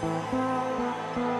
Thank you.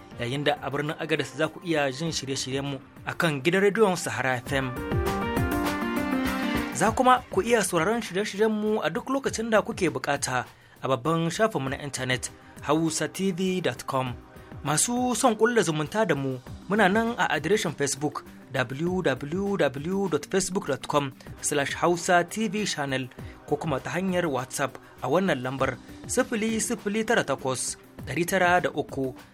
yayin da a birnin agadas za ku iya jin shirye-shiryenmu a kan gidan rediyon sahara fm za kuma ku iya sauraron shirye-shiryenmu a duk lokacin da kuke bukata a babban shafinmu na intanet hausatv.com masu son kulla zumunta da mu muna nan a adireshin facebook www.facebook.com slash hausa tv channel ko kuma ta hanyar whatsapp a wannan lambar da uku.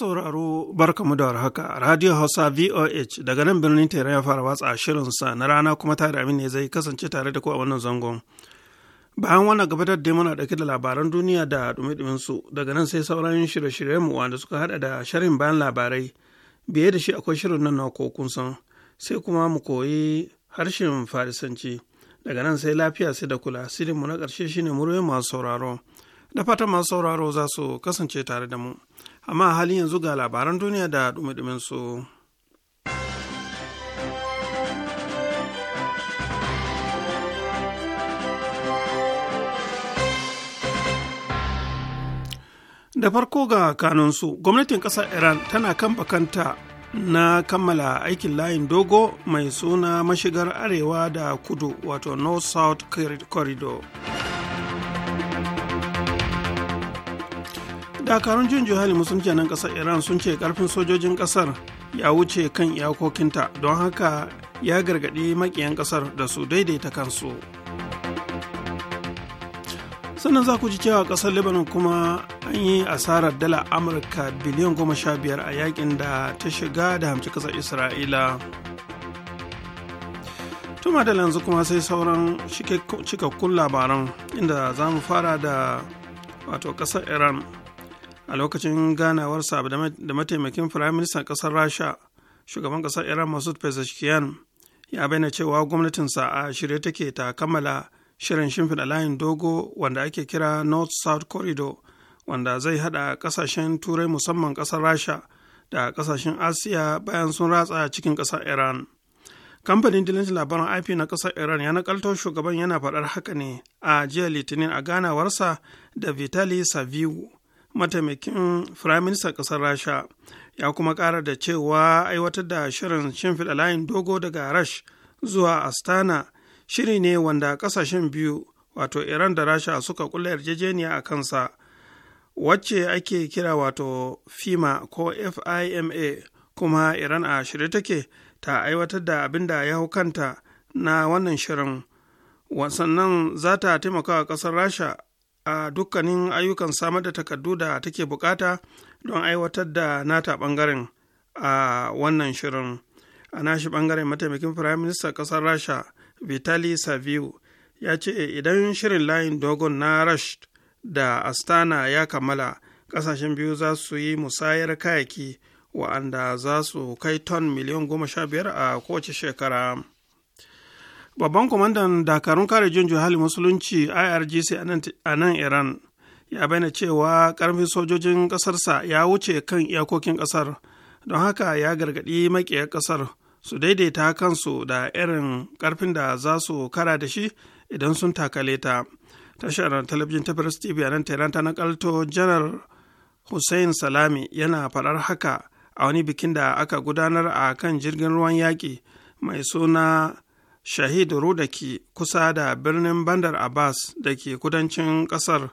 masu barka mu da haka Radio Hausa VOH daga nan birnin Tehran ya fara watsa shirinsa na rana kuma tare amin ne zai kasance tare da ku a wannan zangon. Bayan wannan gabatar da muna dauke da labaran duniya da dumi su daga nan sai sauran shirye-shiryenmu wanda suka hada da sharhin bayan labarai biye da shi akwai shirin nan na kun san sai kuma mu koyi harshen farisanci daga nan sai lafiya sai da kula mu na ƙarshe shine muryoyin masu sauraro da fatan masu sauraro za su kasance tare da mu. amma halin yanzu ga labaran duniya da dumi su. da farko ga kanunsu gwamnatin ƙasar iran tana kan bakanta na kammala aikin layin dogo mai suna mashigar arewa da kudu wato north south corridor dakarun jin juhali musulunci nan kasar iran sun ce karfin sojojin kasar ya wuce kan iyakokinta don haka ya gargaɗi makiyan kasar da su daidaita kansu sannan za ku ji cewa kasar lebanon kuma an yi asarar dala amurka biliyan goma sha biyar a yakin da ta shiga da hamci kasar isra'ila tuma da yanzu kuma sai sauran cikakkun labaran inda za mu fara da wato kasar iran a lokacin ganawarsa da mataimakin firaministan ƙasar rasha shugaban ƙasar iran masud pezeshkian ya bayyana cewa gwamnatinsa a shirye take ta kammala shirin shimfiɗa layin dogo wanda ake kira north south corridor wanda zai haɗa kasashen turai musamman ƙasar rasha da ƙasashen asiya bayan sun ratsa cikin ƙasar iran kamfanin dillancin labaran ip na ƙasar iran ya nakalto shugaban yana faɗar haka ne a jiya litinin a ganawarsa da vitali saviu mataimakin firaministan ƙasar rasha ya kuma ƙara da cewa aiwatar da shirin shimfiɗa layin dogo daga rash zuwa astana shiri ne wanda ƙasashen biyu wato iran da rasha suka kula yarjejeniya a kansa wacce ake kira wato fima ko fima kuma iran a shirye take ta aiwatar da abin da ya hau kanta na wannan shirin wasannan za ta taimaka wa ƙasar rasha a dukkanin ayyukan samar da takardu da take bukata don aiwatar da nata bangaren a wannan shirin a nashi bangaren mataimakin firayim ministan kasar rasha vitali saviu ya ce idan shirin layin dogon na rash da astana ya kammala kasashen biyu za su yi musayar kayaki wa'anda za su kai ton miliyan goma sha biyar a kowace shekara. babban kwamandan dakarun kare junju hali musulunci irgc a nan iran ya bayyana cewa karfin sojojin ƙasarsa ya wuce kan iyakokin ƙasar don haka ya gargaɗi makiyar ƙasar su daidaita kansu da irin karfin da za su kara da shi idan sun takale ta tashar talabijin ta first tv a nan tehran ta nakalto janar hussein salami yana faɗar haka a wani bikin da aka gudanar a kan jirgin ruwan yaƙi mai suna shahid rudaki kusa da birnin bandar abbas da ke kudancin ƙasar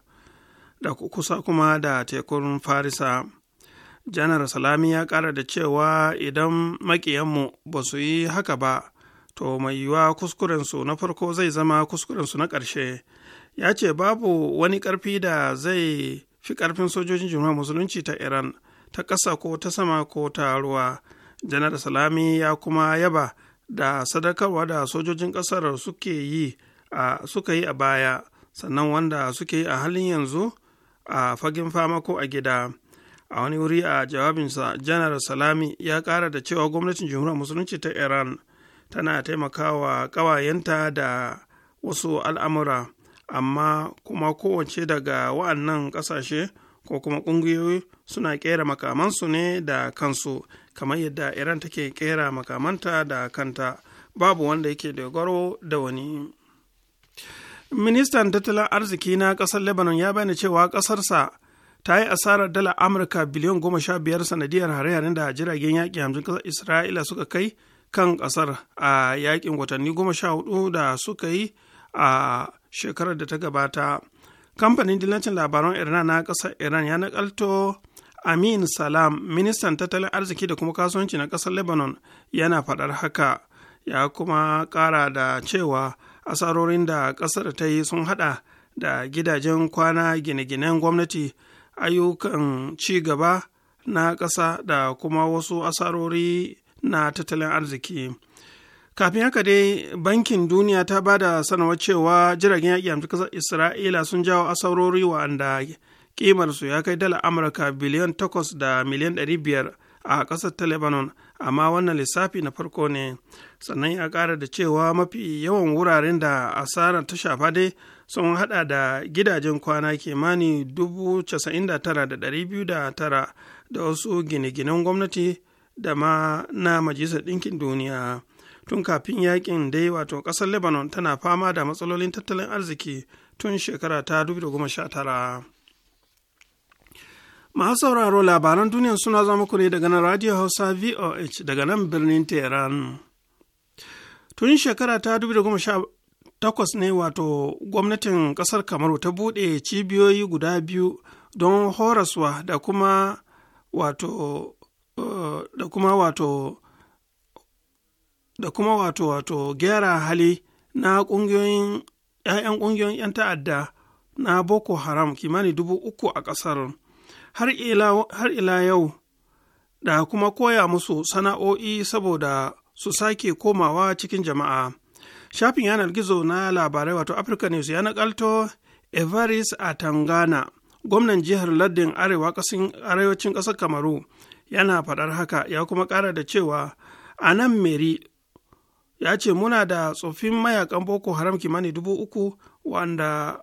da kusa kuma da tekun farisa janar salami ya ƙara da cewa idan maƙiyanmu ba su yi haka ba to mai yiwuwa kuskurensu na farko zai zama kuskurensu na ƙarshe ya ce babu wani ƙarfi da zai fi ƙarfin sojojin jumhuriyar musulunci ta iran ta ƙasa ko ta sama ko ta ruwa janar salami ya kuma yaba da sadakarwa da sojojin ƙasar suke yi a suka yi a baya sannan wanda suke yi a halin yanzu a fagen fama ko a gida a wani wuri a jawabinsa janar salami ya ƙara da cewa gwamnatin jamhuriyar musulunci ta iran tana taimakawa ƙawayenta da wasu al'amura amma kuma kowace daga wa'annan ƙasashe ko kuma ƙungiyoyi suna ƙera makamansu ne da kansu kamar yadda iran take kera makamanta da kanta babu wanda yake dogaro da wani ministan tattalin arziki na kasar lebanon ya bayyana cewa kasarsa ta yi asarar dala amurka biliyon goma sha biyar sanadiyar hare-haren da jiragen yaƙi hamsin kasar isra'ila suka kai kan kasar a yaƙin watanni goma sha hudu da suka yi a shekarar da ta gabata kamfanin dillancin labaran iran na kasar iran ya nakalto amin salam ministan tattalin arziki da kuma kasuwanci na ƙasar lebanon yana faɗar haka ya kuma ƙara da cewa asarorin da ƙasar ta yi sun haɗa da gidajen kwana gine-ginen gwamnati ayyukan ci gaba na ƙasa da kuma wasu asarori na tattalin arziki kafin haka dai bankin duniya ta ba da sanarwar cewa jiragen yaƙi isra'ila sun jawo asarori wa'anda kimarsu ya kai dala amurka biliyan takwas da miliyan ɗari a ƙasar ta lebanon amma wannan lissafi na farko ne sannan ya ƙara da cewa mafi yawan wuraren da asarar ta shafa dai sun hada da gidajen kwana kimani 99,209 da wasu gine-ginen gwamnati da ma na majalisar ɗinkin duniya tun kafin yakin dai wato ƙasar lebanon tana fama da matsalolin tattalin arziki tun shekara ta 2019 Masu sauraro labaran duniya suna zama ku daga nan Radio Hausa VOH daga nan birnin Tehran. Tun shekara ta 2018 ne wato gwamnatin kasar Kamaru ta buɗe cibiyoyi guda biyu don horaswa da kuma wato uh, da kuma wato da kuma wato wato gyara hali na ƙungiyoyin ‘ya'yan ƙungiyoyin ‘yan ta'adda na Boko Haram kimanin dubu uku a ƙasar. har ila yau da kuma koya musu sana'o'i saboda su sake komawa cikin jama'a. Shafin yanar gizo na labarai wato Africa News ya nakalto Evaris Tangana. gwamnan jihar Lardin Arewa arewacin ƙasar Kamaru, yana faɗar haka ya kuma ƙara da cewa a nan Meri ya ce muna da tsoffin mayakan Boko Haram kimanin dubu uku wanda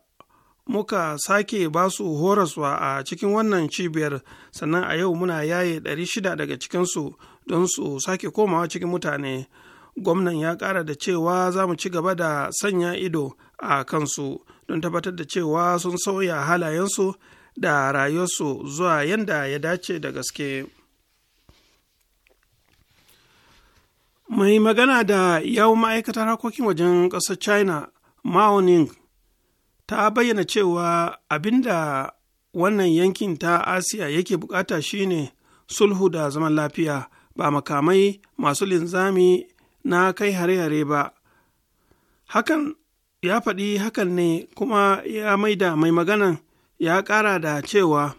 muka sake ba su horaswa a cikin wannan cibiyar sannan a yau muna yaye 600 daga cikinsu don su sake komawa cikin mutane gwamnan ya ƙara da cewa za mu ci gaba da sanya ido a kansu don tabbatar da cewa sun sauya halayensu da rayuwarsu zuwa yadda ya dace da gaske mai magana da yawon ma'aikatar harkokin wajen ƙasar china maoning ta bayyana cewa abinda wannan yankin ta asiya yake bukata shine sulhu da zaman lafiya ba makamai masu linzami na kai hare-hare ba hakan ya faɗi hakan ne kuma ya maida mai maganan ya ƙara da cewa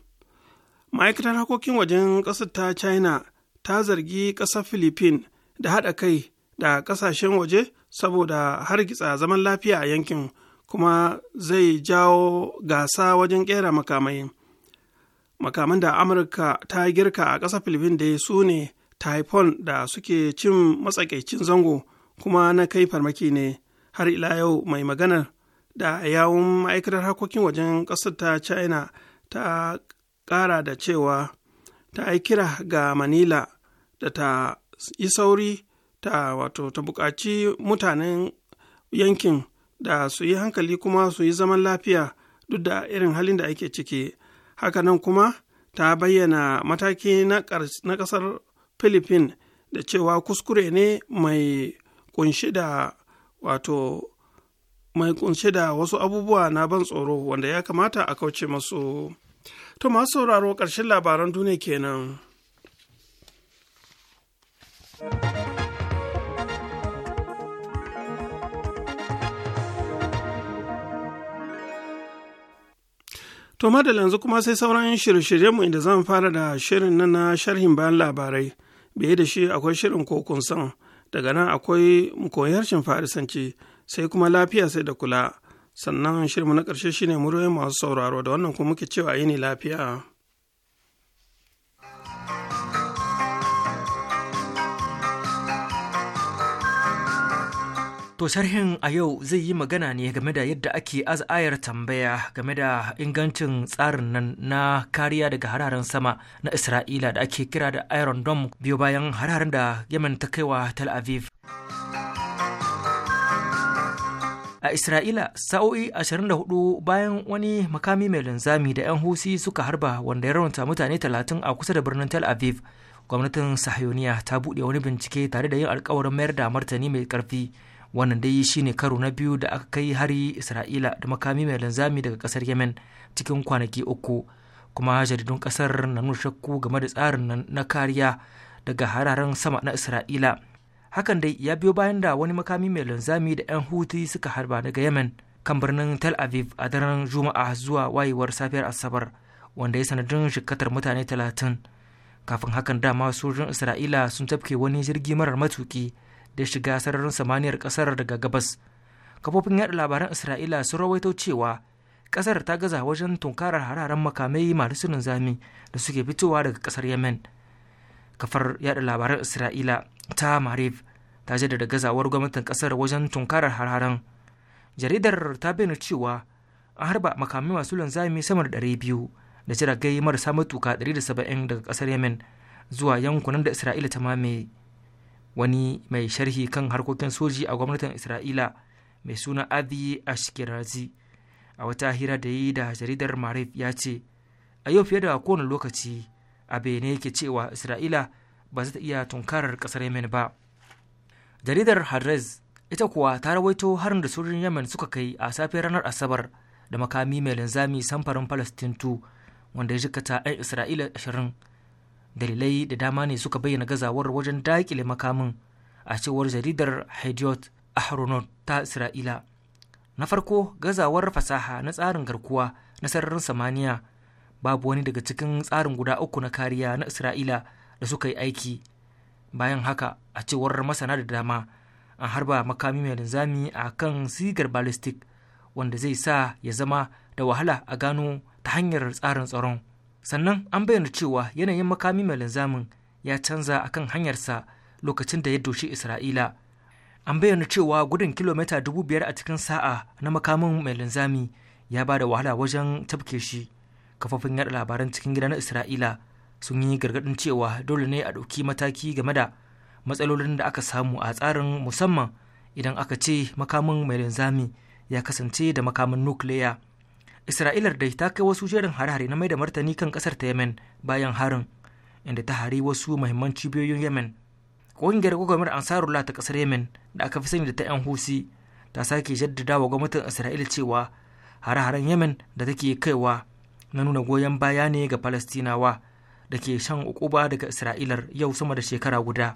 ma'aikatar harkokin wajen ƙasar ta china ta zargi ƙasar philippines da haɗa kai da ƙasashen waje saboda hargitsa zaman lafiya a yankin kuma zai jawo gasa wajen kera makamai makaman da amurka ta girka a ƙasar filifin da su ne typhoon da suke cin matsakaicin zango kuma na kai farmaki ne har ila yau mai maganar da yawun ma'aikatar harkokin wajen ƙasar ta china ta ƙara da cewa ta yi kira ga manila da ta yi sauri ta wato ta buƙaci mutanen yankin da su yi hankali kuma su yi zaman lafiya duk da irin halin da ake ciki haka nan kuma ta bayyana mataki na ƙasar philippines da cewa kuskure ne mai kunshi da wato mai kunshi da wasu abubuwa na ban tsoro wanda ya kamata a kauce masu to masu sauraro ƙarshen labaran duniya kenan. To madal yanzu kuma sai sauran shirye-shiryenmu inda zan fara da shirin na na sharhin bayan labarai, biye da shi akwai shirin kokun san, daga nan akwai shin farisanci, sai kuma lafiya sai da kula, sannan shirin na ƙarshe shine muryoyin masu sauraro da wannan kuma muke cewa yini lafiya. To sharhin a yau zai yi magana ne game da yadda ake az'ayar tambaya game da ingancin tsarin nan na kariya daga hararen sama na Isra'ila da ake kira da Iron Dome biyo bayan hararen da Yemen ta kaiwa Tel Aviv. a Isra'ila sa'o'i 24 bayan wani makami mai linzami da 'yan husi suka harba wanda ya raunta mutane 30 a kusa da birnin Tel Aviv. Gwamnatin Sahiyoniya ta buɗe wani bincike tare da yin alkawarin mayar da martani mai ƙarfi wannan dai shi ne karo na biyu da aka kai hari isra'ila da makami mai linzami daga kasar yemen cikin kwanaki uku kuma jaridun kasar na nuna shakku game da tsarin na kariya daga hararen sama na isra'ila hakan dai ya biyo bayan da wani makami mai linzami da 'yan huti suka harba daga yemen kan birnin tel aviv a daren juma'a zuwa wayewar safiyar asabar wanda ya sanadin shikatar mutane talatin kafin hakan dama sojin isra'ila sun tafke wani jirgi marar matuki da shiga sararin samaniyar kasar daga gabas kafofin yaɗa labaran isra'ila sun rawaito cewa kasar ta gaza wajen tunkarar hararen makamai masu zami da suke fitowa daga kasar yemen kafar yaɗa labaran isra'ila ta marif ta da gazawar gwamnatin kasar wajen tunkarar hararen jaridar ta bayyana cewa an harba makamai masu linzami sama da 200 da jiragai marasa matuka 170 daga kasar yemen zuwa yankunan da isra'ila ta mamaye wani mai sharhi kan harkokin soji a gwamnatin isra'ila mai suna adi ashkirazi a wata hira da yi da jaridar marif ya ce a yau fiye da kowane lokaci a bene yake cewa isra'ila ba za ta iya tunkarar kasar yemen ba jaridar hadrez ita kuwa ta rawaito harin da sojojin yemen suka kai a safiyar ranar asabar da makami mai linzami samfarin palestin 2 wanda ya jikata 'yan isra'ila 20. dalilai da dama ne suka bayyana gazawar wajen daƙile makamin a cewar jaridar hediot ahronot ta isra'ila na farko gazawar fasaha na tsarin garkuwa na sararin samaniya babu wani daga cikin tsarin guda uku na kariya na isra'ila da suka yi aiki bayan haka a cewar masana da dama an harba makami mai linzami a kan sigar ballistic wanda zai sa ya zama da wahala a gano ta hanyar tsarin tsaron sannan an bayyana cewa yanayin makami mai linzamin ya canza a kan hanyarsa lokacin da ya doshi isra'ila an bayyana cewa gudun kilomita dubu biyar a cikin sa'a na makamin mai linzami ya ba da wahala wajen tafke shi kafofin yada labaran cikin gida na isra'ila sun yi gargadin cewa dole ne a ɗauki mataki game da matsalolin da aka samu a tsarin musamman idan aka ce makamin mai linzami ya kasance da makamin nukiliya isra'ilar dai ta kai wasu jerin hare-hare na mai da martani kan kasar ta yemen bayan harin inda ta hari wasu mahimman cibiyoyin yemen ƙungiyar gwagwarmar ansarullah ta kasar yemen da aka fi sani da ta yan husi ta sake jaddada wa gwamnatin isra'ila cewa hare-haren yemen da take kaiwa na nuna goyon baya ne ga falastinawa da ke shan ukuba daga isra'ilar yau sama da shekara guda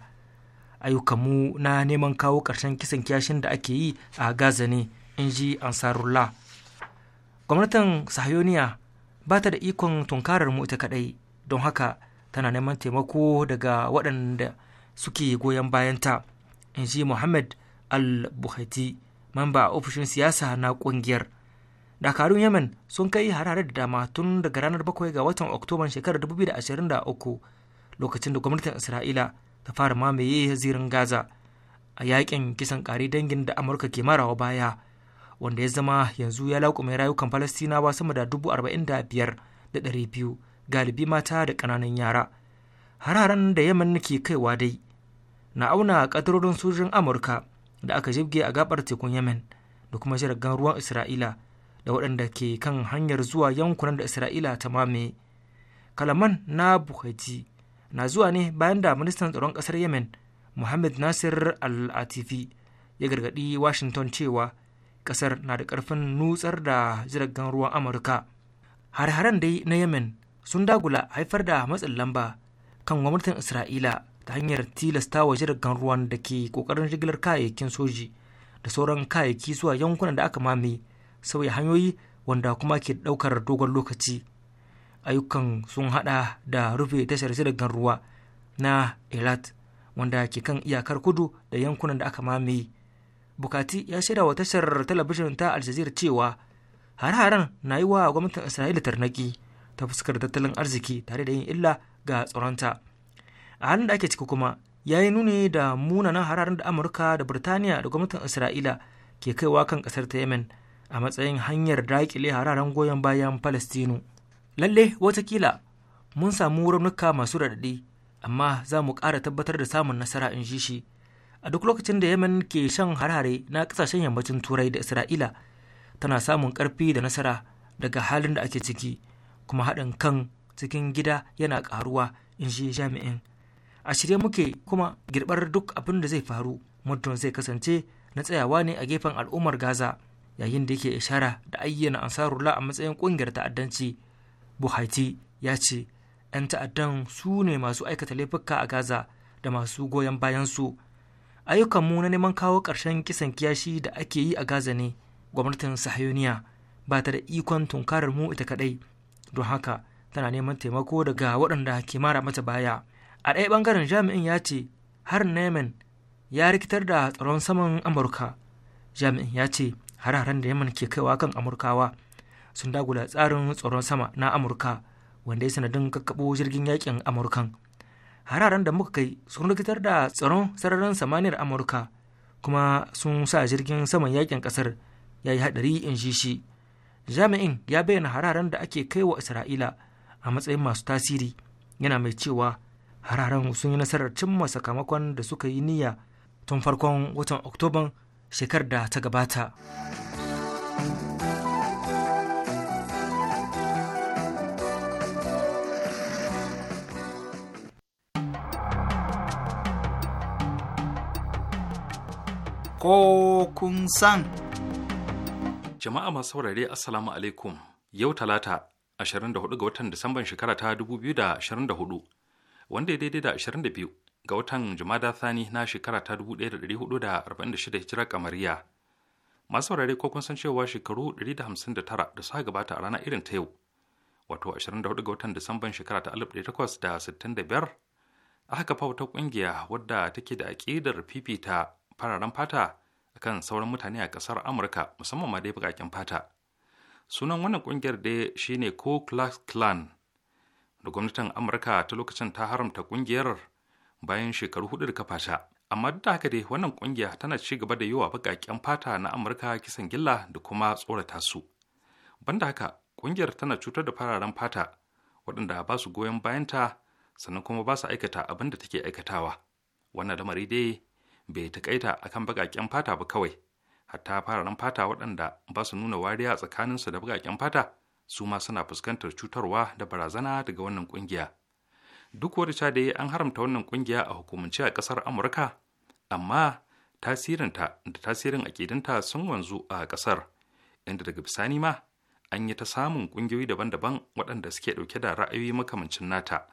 ayyukanmu na neman kawo ƙarshen kisan kyashin da ake yi a gaza ne in ji ansarullah gwamnatin sahayoniya ba ta da ikon tunkarar mu ita kadai don haka tana neman taimako daga waɗanda suke goyon bayanta in ji muhammad al-buhati mamba a ofishin siyasa na ƙungiyar dakarun yemen sun kai harare da dama tun daga ranar bakwai ga watan oktoban shekarar 2023 lokacin da gwamnatin isra'ila ta fara mamaye zirin gaza a yaƙin kisan kare dangin da amurka ke marawa baya wanda ya zama yanzu ya laƙume rayukan falastinawa sama da dubu arba'in da biyar da ɗari biyu galibi mata da ƙananan yara hararen da yaman ke kaiwa dai na auna ƙadarorin sojin amurka da aka jibge a gabar tekun yamen da kuma jiragen ruwan isra'ila da waɗanda ke kan hanyar zuwa yankunan da isra'ila ta mamaye kalaman na buhaji na zuwa ne bayan da ministan tsaron ƙasar yamen muhammad nasir al-atifi ya gargaɗi washington cewa kasar na da karfin nutsar da jiragen ruwan amurka har-haren dai na yemen sun dagula haifar da matsin lamba kan gwamnatin isra'ila ta hanyar tilasta wa jiragen ruwan da ke kokarin jigilar kayayyakin soji da sauran kayayyaki zuwa yankunan da aka mame sauya hanyoyi wanda kuma ke daukar dogon lokaci ayyukan sun hada da rufe tashar jiragen ruwa na elat wanda ke kan iyakar kudu da yankunan da aka mame bukati ya shaida wa tashar talabijin ta aljazeera cewa har haren na yi wa gwamnatin isra'ila tarnaki ta fuskar tattalin arziki tare da yin illa ga tsoronta a halin da ake ciki kuma ya yi nuni da munanan hararen da amurka da birtaniya da gwamnatin isra'ila ke kaiwa kan kasar ta yemen a matsayin hanyar daƙile hararen goyon bayan palestinu lalle watakila mun samu raunuka masu raɗaɗi amma za mu ƙara tabbatar da samun nasara in shi a duk lokacin da yemen ke shan harare na kasashen yammacin turai da isra'ila tana samun karfi da nasara daga halin da ake ciki kuma haɗin kan cikin gida yana ƙaruwa in shi jami'in a shirye muke kuma girbar duk abin da zai faru muddin zai kasance na tsayawa ne a gefen al'ummar gaza yayin da yake ishara da ayyana ansarullah a matsayin ƙungiyar ta'addanci buhati ya ce 'yan ta'addan su ne masu aikata laifuka a gaza da masu goyon bayan su ayyukanmu na neman kawo ƙarshen kisan kiyashi da ake yi a gaza ne gwamnatin sahayoniya ba ta da ikon tunkarar mu ita kaɗai don haka tana neman taimako daga waɗanda ke mara mata baya a ɗaya ɓangaren jami'in ya ce har neman ya rikitar da tsaron saman amurka jami'in ya ce har-haren da yaman ke kaiwa kan amurkawa sun dagula tsarin tsaron sama na amurka wanda ya sanadin kakkaɓo jirgin yakin amurkan hararen da muka kai sun rikitar da tsaron sararin samaniyar amurka kuma sun sa jirgin saman yakin kasar ya yi hadari in shi shi jami'in ya bayyana hararen da ake kai wa isra'ila a matsayin masu tasiri yana mai cewa hararen sun yi nasarar cimma sakamakon da suka yi niyya tun farkon watan oktoban shekarar da ta gabata. ko kun san. Jama'a masu saurare Assalamu alaikum yau talata 24 ga watan Disamban shekara ta 2024 wanda ya daidai da 22 ga watan Jumada Thani na shekara ta 1446 hijira kamariya. Masu saurare ko kun san cewa shekaru 159 da suka gabata a rana irin ta yau wato 24 ga watan Disamban shekara ta 1865 aka kafa wata kungiya wadda take da aƙidar fifita fararen fata akan sauran mutane a ƙasar amurka musamman ma dai baƙaƙen fata sunan wannan ƙungiyar shi shine ku klux klan da gwamnatin amurka ta lokacin ta haramta ƙungiyar bayan shekaru hudu da kafata amma duk da haka dai wannan ƙungiya tana ci gaba da yi wa baƙaƙen fata na amurka kisan gilla da kuma tsorata su banda haka ƙungiyar tana cutar da fararen fata waɗanda ba su goyon bayanta sannan kuma ba su aikata abin da take aikatawa wannan lamari dai bai takaita kan baƙaƙen fata ba kawai hatta fararen fata waɗanda ba su nuna wariya tsakaninsu da baƙaƙen fata su ma suna fuskantar cutarwa da barazana daga wannan ƙungiya duk wani da an haramta wannan ƙungiya a hukumance a ƙasar amurka amma tasirinta da tasirin aƙidinta sun wanzu a ƙasar inda daga bisani ma an yi ta samun ƙungiyoyi daban-daban waɗanda suke ɗauke da ra'ayoyi makamancin nata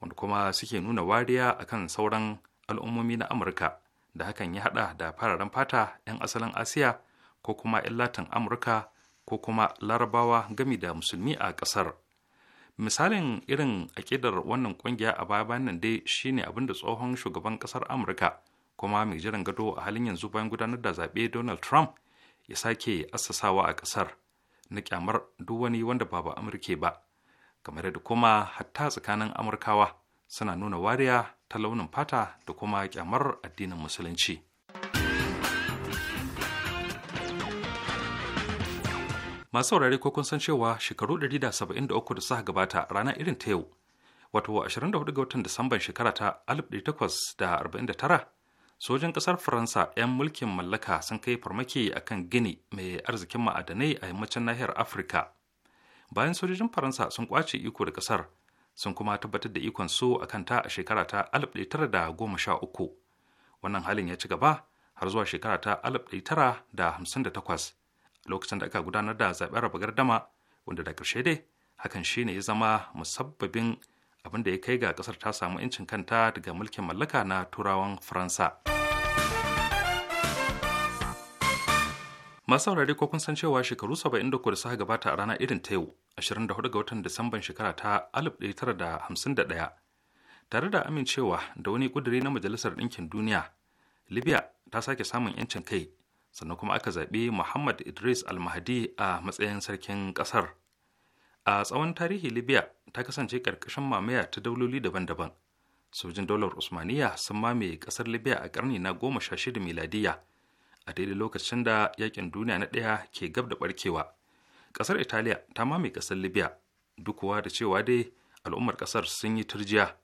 wanda kuma suke nuna wariya akan sauran al'ummomi na amurka da hakan ya haɗa da fararen fata 'yan asalin asiya ko kuma 'yan latin amurka ko kuma larabawa gami da musulmi a ƙasar. misalin irin aƙidar wannan kungiya a baya nan dai shine abin da tsohon shugaban ƙasar amurka kuma mai jiran gado a halin yanzu bayan gudanar da zaɓe donald trump ya sake assasawa a ƙasar na kyamar duk wani wanda ba ba amurke ba kamar da kuma hatta tsakanin amurkawa suna nuna wariya ta launin fata da kuma kyamar addinin musulunci masu saurare ko kun san cewa shekaru 173 da suka gabata rana irin ta yau wato 24 ga watan disamban shekara ta 1849 sojin kasar faransa 'yan mulkin mallaka sun kai farmaki a kan gini mai arzikin ma'adanai a yammacin nahiyar afirka bayan sojojin faransa sun kwace iko da kasar sun kuma tabbatar da ikon su a kanta a shekara ta 1913 wannan halin ya ci gaba har zuwa shekara ta 1958 lokacin da aka gudanar da zaɓen raba gardama wanda da ƙarshe dai hakan ne ya zama musabbabin abin da ya kai ga ƙasar ta samu 'yancin kanta daga mulkin mallaka na turawan faransa. masu saurare ko kun san cewa shekaru 73 da suka gabata a rana irin ta yau 24 ga watan disamban shekara ta 1951 tare da amincewa da wani kuduri na majalisar ɗinkin duniya libya ta sake samun 'yancin kai sannan kuma aka zaɓi muhammad idris al mahdi a matsayin sarkin ƙasar a tsawon tarihi libya ta kasance ƙarƙashin mamaya ta dauloli daban-daban sojin daular usmaniya sun mamaye ƙasar libya a ƙarni na goma sha shida miladiyya a daidai lokacin da yakin duniya na ɗaya ke gab da ɓarkewa ƙasar italiya ta mame ƙasar libya dukuwa da cewa dai al'ummar ƙasar sun yi turjiya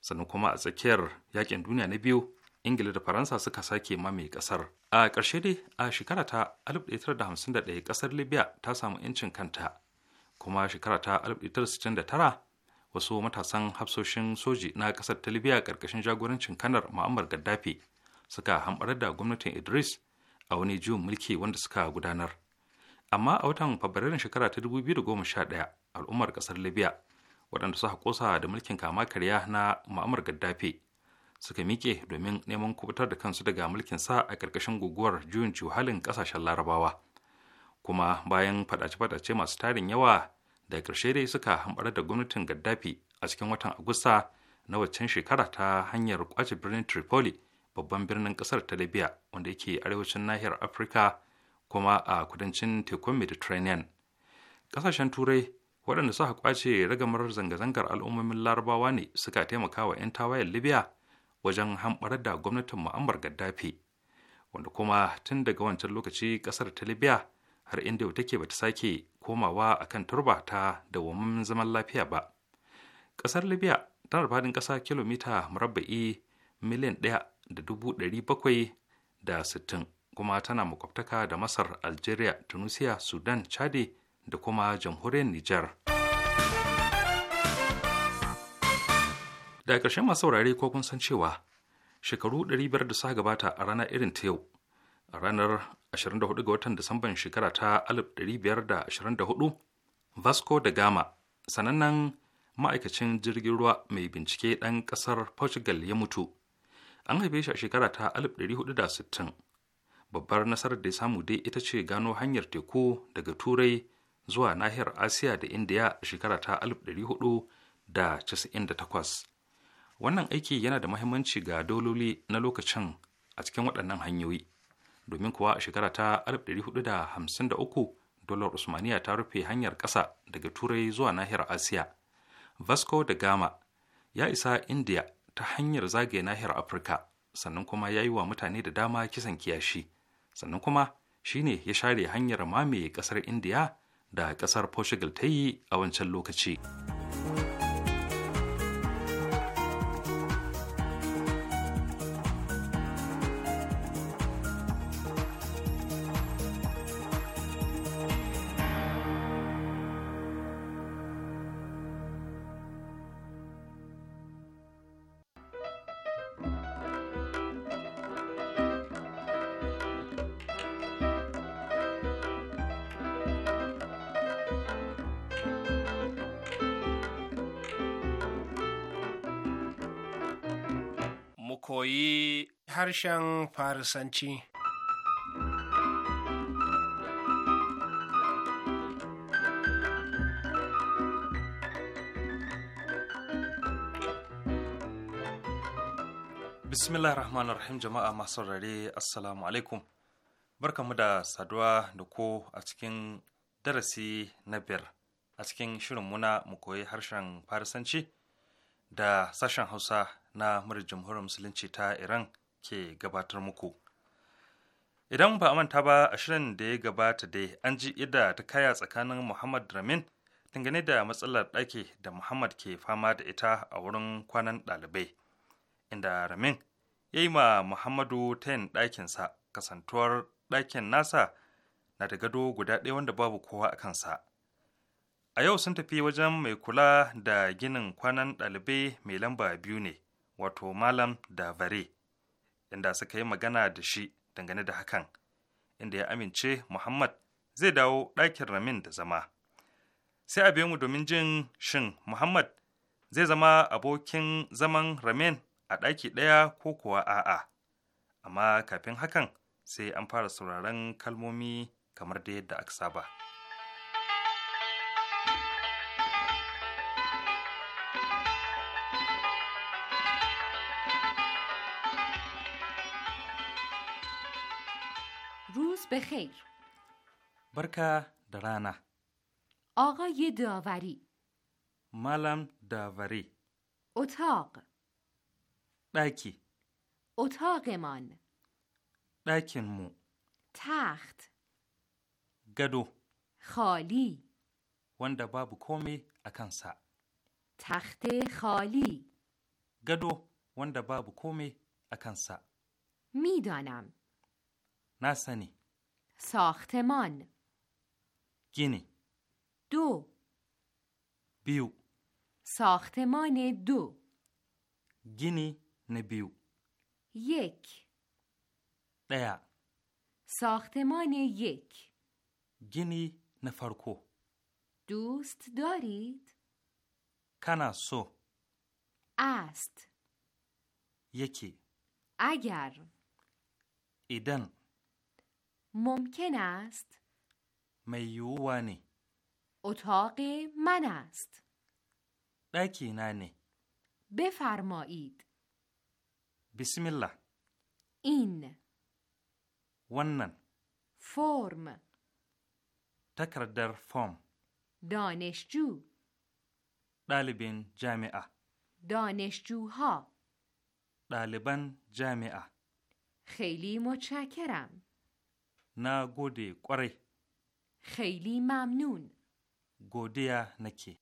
sannan kuma a tsakiyar yakin duniya na biyu ingila da faransa suka sake mame ƙasar a ƙarshe dai a shekara ta 1951 ƙasar libya ta samu 'yancin kanta kuma shekara ta 1969 wasu matasan hafsoshin soji na ƙasar ta libya ƙarƙashin jagorancin kanar ma'ammar gaddafi suka hamɓar da gwamnatin idris a wani juyin mulki wanda suka gudanar amma a watan fabrairun shekara ta 2011 al'ummar ƙasar libya waɗanda suka kosa da mulkin kama karya na ma'amar gaddafi suka miƙe domin neman kubutar da kansu daga mulkin sa a ƙarƙashin guguwar juyin juhalin ƙasashen larabawa kuma bayan faɗace-faɗace masu tarin yawa da ƙarshe dai suka hamɓarar da gwamnatin gaddafi a cikin watan agusta na waccan shekara ta hanyar kwace birnin tripoli babban birnin kasar ta libya wanda yake arewacin nahiyar afirka kuma a kudancin tekun mediterranean kasashen turai waɗanda suka kwace ragamar zanga-zangar al'ummomin larabawa ne suka taimaka wa 'yan tawayen libya wajen hamɓarar da gwamnatin mu'ammar gaddafi wanda kuma tun daga wancan lokaci ƙasar ta libya har inda yau take bata sake komawa akan turba ta da wamin zaman lafiya ba ƙasar libya tana da fadin ƙasa kilomita murabba'i miliyan ɗaya da dubu ɗari bakwai da sittin kuma tana makwabtaka da masar algeria tunisia sudan chade da kuma jamhuriyar nijar da ƙarshen masu saurari ko kun san cewa shekaru 500 da suka gabata a rana irin ta yau a ranar 24 ga watan disamban shekara ta 1524 vasco da gama sanannen ma'aikacin jirgin ruwa mai bincike ɗan ƙasar portugal ya mutu an haife shi a shekara ta 1460 babbar nasarar da ya samu dai ita ce gano hanyar teku daga turai zuwa nahiyar asiya da indiya a shekara ta 1498 wannan aiki yana da mahimmanci ga dololi na lokacin a cikin waɗannan hanyoyi domin kuwa a shekara ta 1453 dolar usmaniya ta rufe hanyar ƙasa daga turai zuwa nahiyar asiya vasco da gama ya isa indiya ta hanyar zagaye nahiyar afirka sannan kuma ya yi wa mutane da dama kisan kiyashi sannan kuma shine ya share hanyar mamaye kasar indiya da kasar portugal ta yi a wancan lokaci sashen Farisanci. Bismillah rahman rahim jama'a masu rare assalamu alaikum. barkamu da saduwa da ko a cikin darasi na biyar a cikin shirin muna mu koyi harshen Farisanci da sashen Hausa na murar jamhuriyar musulunci ta Iran ke gabatar muku. Idan ba a manta ba a shirin da ya gabata dai an ji yadda ta kaya tsakanin Muhammad Ramin dangane da matsalar ɗaki da Muhammad ke fama da ita a wurin kwanan ɗalibai, inda Ramin ya yi ma Muhammadu ta tayin ɗakinsa kasantuwar ɗakin nasa na da gado guda ɗaya wanda babu kowa a kansa. A yau sun tafi wajen mai kula da ginin kwanan ɗalibai mai lamba biyu ne, wato Malam da inda suka yi magana da shi dangane da hakan inda ya amince muhammad zai dawo ɗakin ramin da zama sai a mu domin jin shin muhammad zai zama abokin zaman ramin a ɗaki ɗaya ko kuwa a'a amma kafin hakan sai an fara sauraron kalmomi kamar da yadda aka saba. به خیر برکا درانا آقا یه داوری مالم داوری اتاق بکی اتاق من مو تخت گدو خالی وند باب کومی اکنسا تخت خالی گدو وند باب کومی اکنسا میدانم نسنی ساختمان گینی دو بیو ساختمان دو گینی نبیو یک دیا ساختمان یک گینی نفرکو دوست دارید؟ کنا سو است یکی اگر ایدن ممکن است میوانی اتاق من است دکی بفرمایید بسم الله این ونن فرم تکردر فرم دانشجو دالبین جامعه دانشجوها دالبان جامعه خیلی متشکرم na gode kwarai. Khaili mamnun. godiya nake.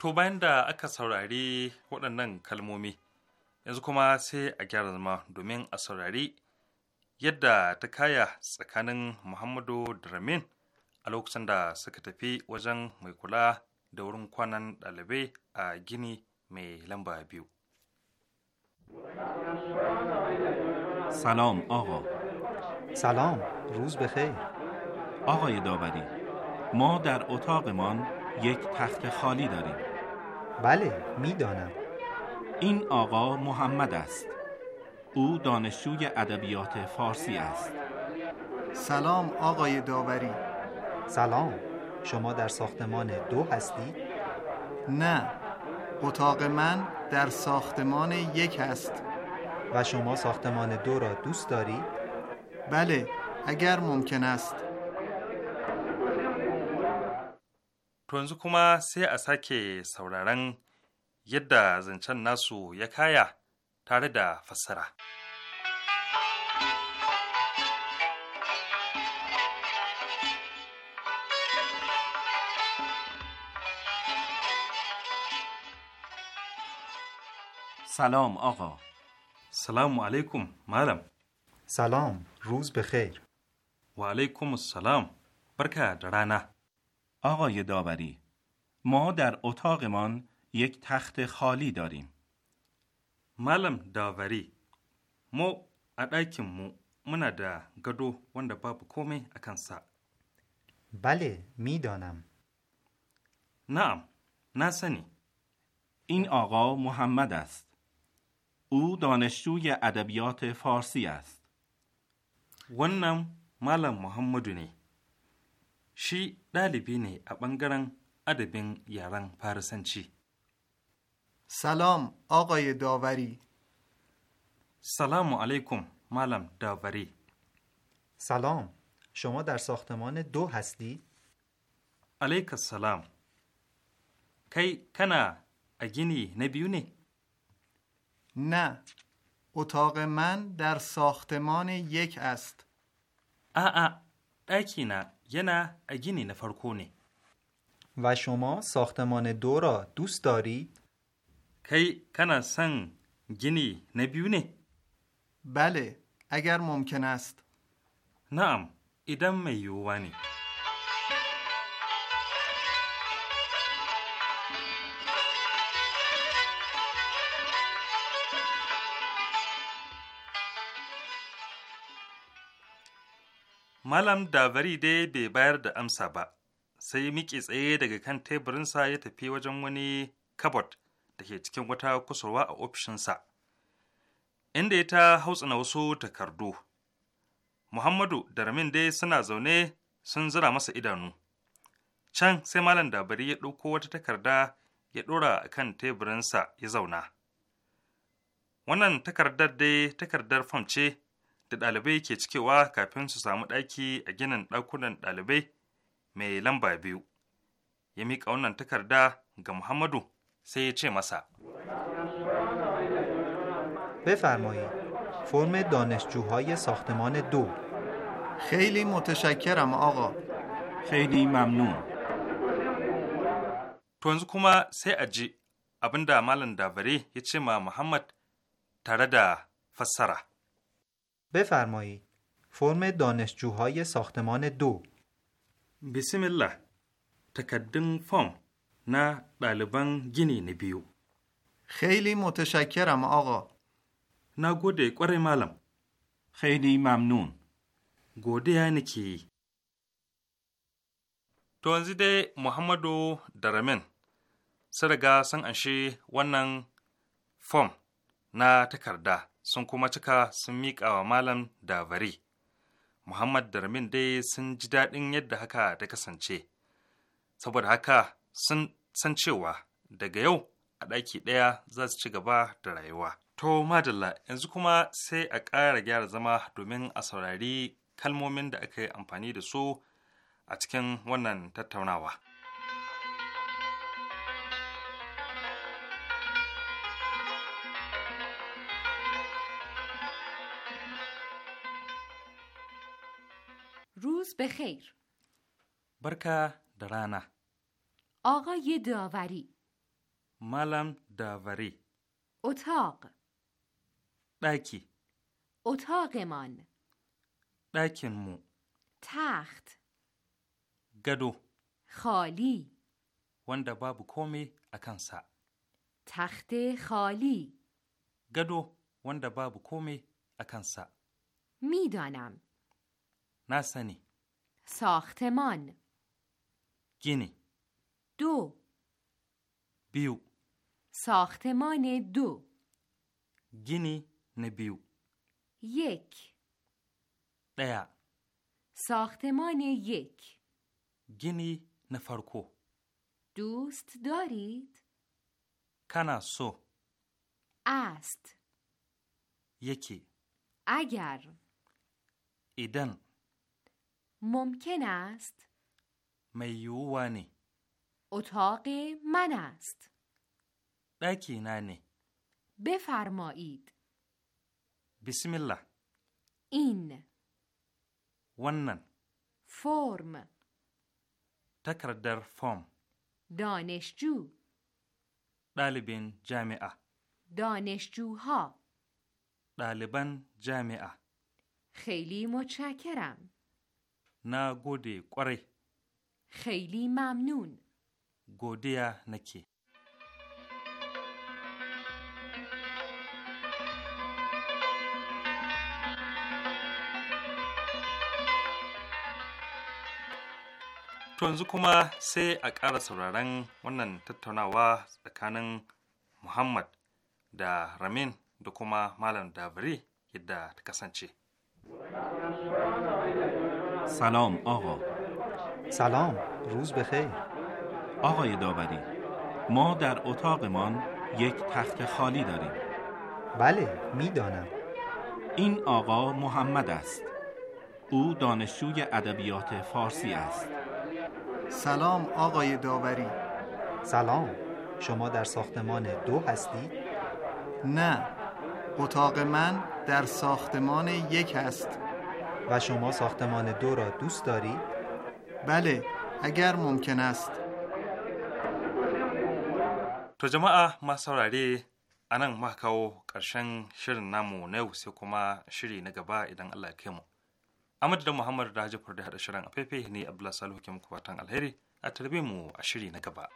To bayan da aka saurari waɗannan kalmomi, yanzu kuma sai a gyara zama domin a saurari yadda ta kaya tsakanin Muhammadu da Ramin a lokacin da suka tafi wajen mai kula da wurin kwanan ɗalibai a Gini mai lamba biyu. سلام آقا سلام روز بخیر آقای داوری ما در اتاقمان یک تخت خالی داریم بله میدانم این آقا محمد است او دانشجوی ادبیات فارسی است. سلام آقای داوری. سلام. شما در ساختمان دو هستی؟ نه. اتاق من در ساختمان یک هست. و شما ساختمان دو را دوست داری؟ بله، اگر ممکن است. تو کما سی sai a sake sauraron نسو زنچن ناسو tare da سلام آقا سلام علیکم مالم سلام روز بخیر و علیکم السلام برکه درانه آقای داوری ما در اتاقمان یک تخت خالی داریم malam داوری mu a ɗakinmu muna da gado wanda babu komai a kansa. Bale, mi donam. Na'am, na sani. این آقا محمد است. او دانشجوی ادبیات فارسی است. wannan Malam Muhammadu ne, shi ɗalibi ne a ɓangaren adabin yaren Farisanci. سلام آقای داوری سلام علیکم معلم داوری سلام شما در ساختمان دو هستی؟ علیک السلام کی کنا اگینی نبیونی؟ نه اتاق من در ساختمان یک است آ اکی نه یه نه اگینی نفرکونی و شما ساختمان دو را دوست دارید؟ کی کنا سن گینی na biyu ne بله اگر ممکن است نعم ایدم mai yiwuwa ne. Malam Davari dai bai bayar da amsa ba, sai miƙi tsaye daga kan teburinsa ya tafi wajen wani kabot ke cikin wata kusurwa a ofishinsa, inda ya ta hautsina wasu takardu. Muhammadu da Ramin dai suna zaune sun zira masa idanu. Can sai Malam Dabari ya ɗauko wata takarda ya ɗora a kan teburinsa ya zauna. Wannan takardar dai takardar fam ce da ɗalibai ke cikewa kafin su samu ɗaki a ginin ɗakunan ɗalibai mai lamba biyu. Ya miƙa wannan takarda ga Muhammadu سه چه مثلا بفرمایید فرم دانشجوهای ساختمان دو خیلی متشکرم آقا خیلی ممنون تو yanzu kuma sai a ابنده مالن دا Malam یچه ما محمد ma فسرا بفرمایی بفرمایید فرم دانشجوهای ساختمان دو بسم الله تکدن فرم Na ɗaliban gini na biyu. Na gode آقا. malam. قره مالم. nun. ممنون. گوده یعنی yi. To yanzu dai Muhammadu da Ramin sadaga sun anshi wannan fom na takarda sun kuma cika sun miƙa wa malam da bari. Muhammad da Ramin dai sun ji daɗin yadda haka ta kasance, saboda haka sun san cewa daga yau a ɗaki ɗaya za su ci gaba da rayuwa. To madalla yanzu kuma sai a ƙara gyara zama domin a saurari kalmomin da aka yi amfani da su a cikin wannan tattaunawa. Bekhair Barka da rana. آقای داوری ملم داوری اتاق اتاق اتاقمان دکن مو تخت گدو خالی وند بابو کومی اکنسا تخت خالی گدو وند بابو کومی اکنسا میدانم نسنی ساختمان گینی دو بیو ساختمان دو گینی نبیو یک دیا ساختمان یک گینی نفرکو دوست دارید؟ کنا سو است یکی اگر ایدن ممکن است میوانی اتاق من است. بکی ننی. بفرمایید. بسم الله. این. ونن. فرم. در فرم. دانشجو. دالبین جامعه. دانشجوها. دالبان جامعه. خیلی متشکرم. نا گودی خیلی ممنون. godiya nake. To yanzu kuma sai a ƙara sauraron wannan tattaunawa tsakanin Muhammad da Ramin da kuma Malam Dabiri yadda ta kasance. Salam, آقا Salam, Ruz آقای داوری ما در اتاقمان یک تخت خالی داریم بله میدانم این آقا محمد است او دانشجوی ادبیات فارسی است سلام آقای داوری سلام شما در ساختمان دو هستی؟ نه اتاق من در ساختمان یک است و شما ساختمان دو را دوست دارید؟ بله اگر ممکن است To jama'a masu saurare a nan ma kawo ƙarshen shirin namu na yau sai kuma shiri na gaba idan Allah ya mu. Amadu da Muhammad da Hajjafar da haɗa shirin a ne Abdullahi Salihu ke muku fatan alheri a tarbe mu a shiri na gaba.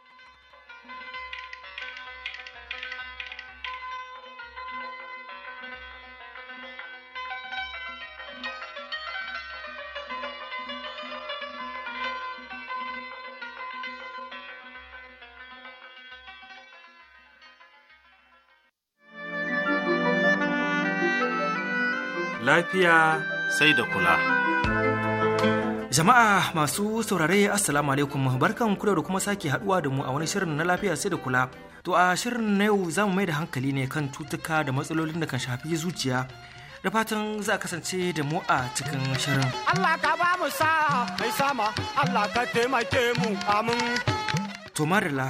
lafiya sai da kula. Jama'a masu saurare Assalamu alaikum barkan ku da kuma sake haduwa da mu a wani shirin na lafiya sai da kula. To a shirin na yau za mu mai da hankali ne kan cutuka da matsalolin da kan shafi zuciya. Da fatan za a kasance da mu a cikin shirin. Allah ka ba mu sa mai sama Allah ka taimake mu amin. To marila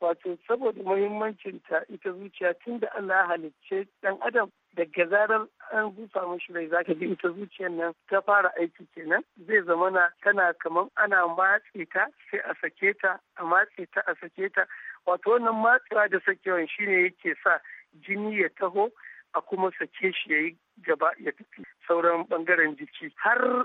wato saboda muhimmancin ta ita zuciya tun da Allah ya halicce dan adam daga zarar an busa mishi rai zaka ji ita zuciyar nan ta fara aiki kenan zai zama na tana kamar ana matse ta sai a sake ta a matse ta a sake ta wato wannan matsewa da sakewan shine yake sa jini ya taho a kuma sake shi yayi gaba ya tafi sauran bangaren jiki har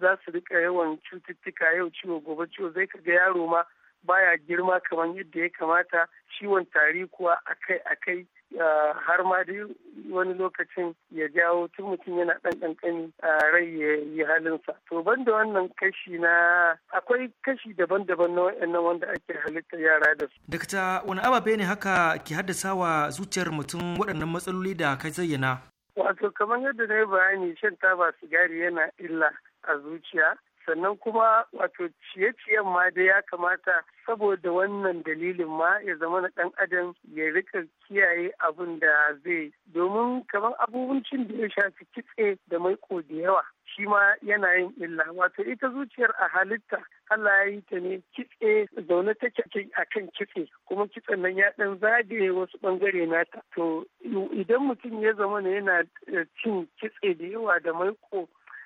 za su rika yawan cututtuka yau ciwo gobe ciwo zai kaga yaro ma baya girma kamar yadda ya kamata ciwon tari kuwa akai akai har ma dai wani lokacin ya jawo tun mutum yana ɗan ƙanƙani a rai ya yi halinsa. To ban da wannan kashi na akwai kashi daban-daban na wa'annan wanda ake halittar yara da su. Dakta wani ababe ne haka ke haddasa wa zuciyar mutum waɗannan matsaloli da ka zayyana? Wato kamar yadda na yi bayani shan taba sigari yana illa a zuciya sannan kuma wato ciye-ciyen ma da ya kamata saboda wannan dalilin ma ya zama na ɗan adam ya rika kiyaye abin da zai domin kamar cin da ya shafi kitse da maiko da yawa shi ma yana yin illa wato ita zuciyar a halitta Allah ya yi ta ne kitse zaune take a kan kitse kuma kitsen nan ya dan zagaye wasu bangare nata to idan mutum ya zama yana eh, cin kitse da yawa da maiko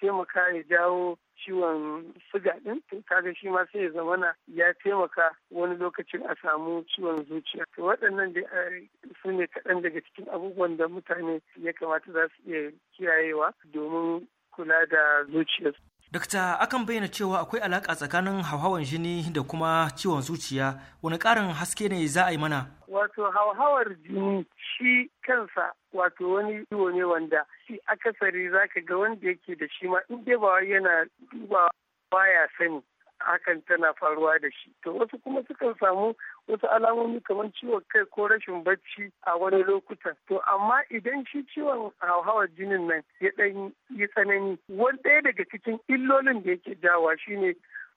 taimaka ya jawo ciwon suga din to kaga shi ma sai ya zamana ya taimaka wani lokacin a samu ciwon zuciya to waɗannan da eh, su ne kaɗan daga cikin abubuwan da mutane ya kamata za su iya kiyayewa domin kula da zuciyarsu. Dakta akan bayyana cewa akwai alaƙa tsakanin hauhawan jini da kuma ciwon zuciya wani ƙarin haske ne za a yi mana. Wato hauhawar jini shi kansa wato wani iwo ne wanda shi akasari zaka ga wanda yake da shi ma in ba yana duba baya sani hakan tana faruwa da shi to wasu kuma sukan samu wasu alamomi kamar ciwon kai ko rashin bacci a wani lokuta to amma idan shi ciwon hauhawar jinin nan ya dan yi tsanani wani ɗaya daga cikin illolin da yake jawa shine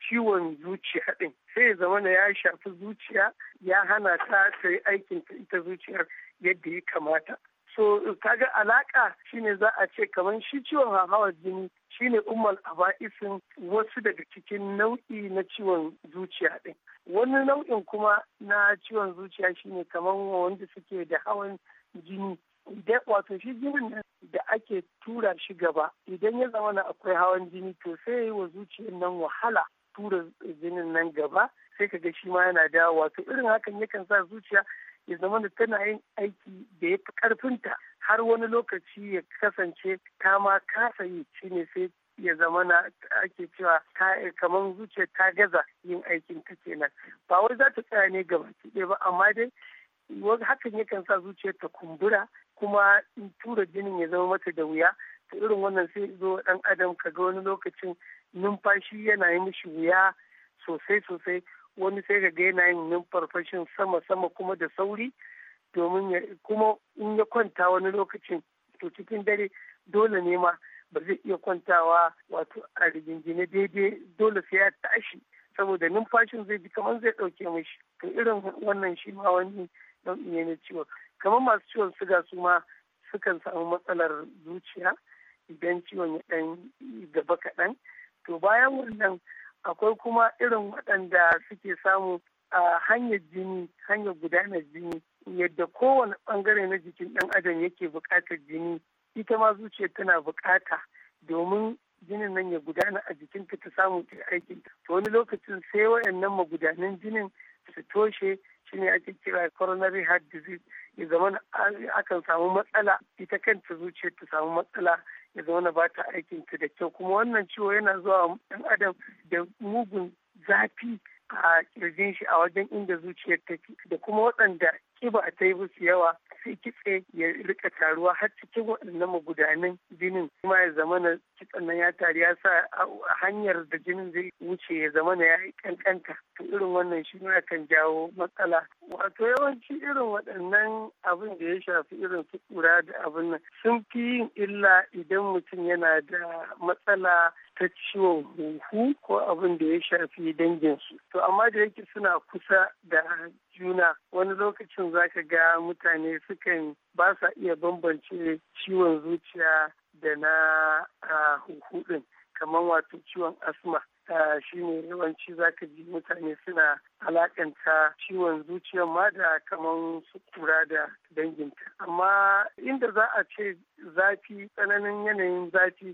ciwon zuciya ɗin sai ya zama ya shafi zuciya ya hana ta ta yi aikin ta ita zuciyar yadda ya kamata to kaga alaka shine za a ce kamar shi ciwon hawa jini shine umar a aba'isin wasu daga cikin nau'i na ciwon zuciya din wani nau'in kuma na ciwon zuciya shine kamar wanda suke da hawan jini idan wato shi jinin da ake tura shi gaba idan ya zama na akwai hawan jini to sai ya yi wa zuciyar nan wahala tura jinin nan gaba sai ka ga shi ma yana dawo wato irin hakan yakan sa zuciya ya zama da tana yin aiki da ya fi karfinta har wani lokaci ya kasance ta ma kasa yi shine sai ya zama na ake cewa ta kamar zuciya ta gaza yin aikin ta kenan ba wai za ta tsaya ne gaba ɗaya ba amma dai wani hakan yakan sa zuciya ta kumbura kuma in tura jinin ya zama mata da wuya ta irin wannan sai zo dan adam ka ga wani lokacin numfashi yana yi mishi wuya sosai sosai wani sai ga yana yin numfarfashin sama-sama kuma da sauri domin kuma in ya kwanta wani lokacin to cikin dare dole ne ma ba zai iya kwantawa wato a rigingine daidai dole sai ya tashi saboda numfashin zai ji kamar zai ɗauke mishi to irin wannan shi ma wani nau'i ne ciwon kamar masu ciwon suga su ma sukan samu matsalar zuciya idan ciwon ya ɗan gaba kaɗan to bayan wannan akwai kuma irin waɗanda suke samu a hanyar jini hanyar gudanar jini yadda kowane ɓangare na jikin ɗan adam yake buƙatar jini ita ma zuciya tana buƙata domin jinin nan ya gudana a jikinta ta samu ta aikin to wani lokacin sai waɗannan magudanan jinin su toshe shine ake kira coronary heart disease ya zama akan samu matsala ita kanta zuciyar ta samu matsala ya zauna ba ta aikin ta da kyau kuma wannan ciwo yana zuwa ɗan adam da mugun zafi a kirjin shi a wajen inda zuciyar take da kuma waɗanda kiba ta yi musu yawa sai kitse ya rika taruwa har cikin waɗannan magudanin jinin kuma ya zamana kitsen nan ya taru ya sa hanyar da jinin zai wuce ya zamana ya yi kankanta to irin wannan shi ne kan jawo matsala wato yawanci irin waɗannan abin da ya shafi irin su kura da abin nan sun fi yin illa idan mutum yana da matsala ta ciwon huhu ko abin da ya shafi danginsu. To amma da yake suna kusa da juna wani lokacin zaka ga mutane sukan ba sa iya bambance ciwon zuciya da na huhu din kamar wato ciwon asma. shi ne yawanci zaka ji mutane suna alakanta ciwon zuciyar ma da kamar su kura da danginta amma inda za a ce zafi tsananin yanayin zafi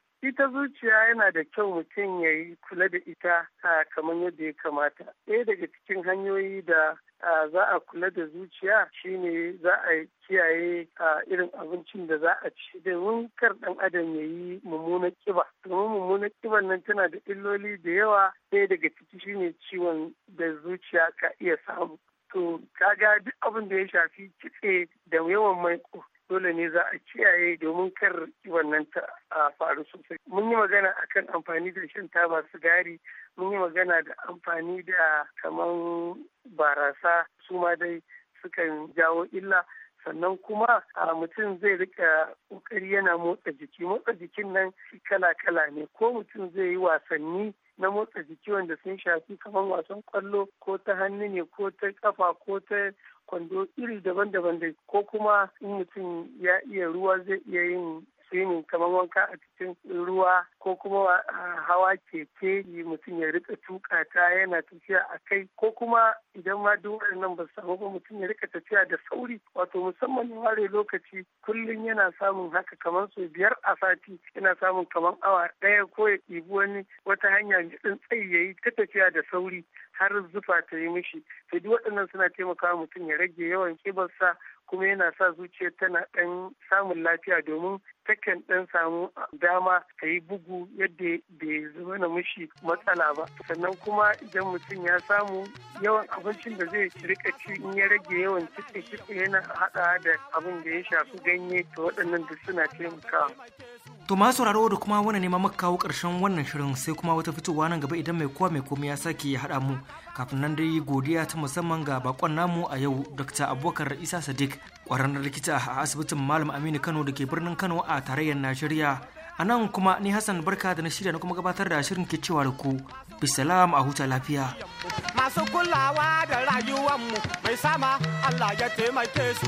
ita zuciya yana da kyau mutum ya yi kula da ita a kamar yadda ya kamata ɗaya daga cikin hanyoyi da za a kula da zuciya shine za a kiyaye irin abincin da za a ci domin kar ɗan adam ya yi mummunan kiba domin mummunan kiban nan tana da illoli da yawa ɗaya daga ciki shine ciwon da zuciya ka iya samu to kaga duk abin da ya shafi kitse da yawan maiko dole ne za a kiyaye domin kar wannan ta faru sosai mun yi magana akan amfani da shan taba sigari mun yi magana da amfani da kaman barasa su ma dai sukan jawo illa sannan kuma a mutum zai rika kokari yana motsa jiki motsa jikin nan kala kala ne ko mutum zai yi wasanni na motsa jiki wanda sun shafi kamar wasan kwallo ko ta hannu ne ko ta kafa ko ta kwando iri daban-daban da ko kuma in mutum ya iya ruwa zai iya yin ne kamar wanka a cikin ruwa ko kuma hawa keke mutum ya rika tuka ta yana tafiya a kai ko kuma idan ma duk waɗannan ba samu ba mutum ya rika tafiya da sauri wato musamman ya ware lokaci kullum yana samun haka kamar sau biyar a sati yana samun kamar awa ɗaya ko ya ɗibi wani wata hanya mai tsayi ya yi ta tafiya da sauri har zufa ta yi mishi sai duk waɗannan suna taimakawa mutum ya rage yawan kibarsa kuma yana sa zuciyar tana ɗan samun lafiya domin takan ɗan samu ah, dama ka yi bugu yadda bai zama na mushi matsala ba sannan kuma idan mutum ya samu yawan abincin da zai rika ci in ya rage yawan kitse kitse yana haɗa da abin da ya shafi ganye to waɗannan duk suna taimakawa. To ma sauraro da kuma wani nema maka kawo ƙarshen wannan shirin sai kuma wata fitowa nan gaba idan mai kowa mai komai ya sake ya haɗa mu kafin nan dai godiya ta musamman ga bakon namu a yau Dr. Abubakar Isa Sadiq Kwararren likita a asibitin malam aminu kano da ke birnin kano a tarayyar najeriya a nan kuma ni hassan barka da na shirya na kuma gabatar da shirin ke cewa da ku bisalam a huta lafiya masu kulawa da rayuwanmu mai sama allah ya taimake su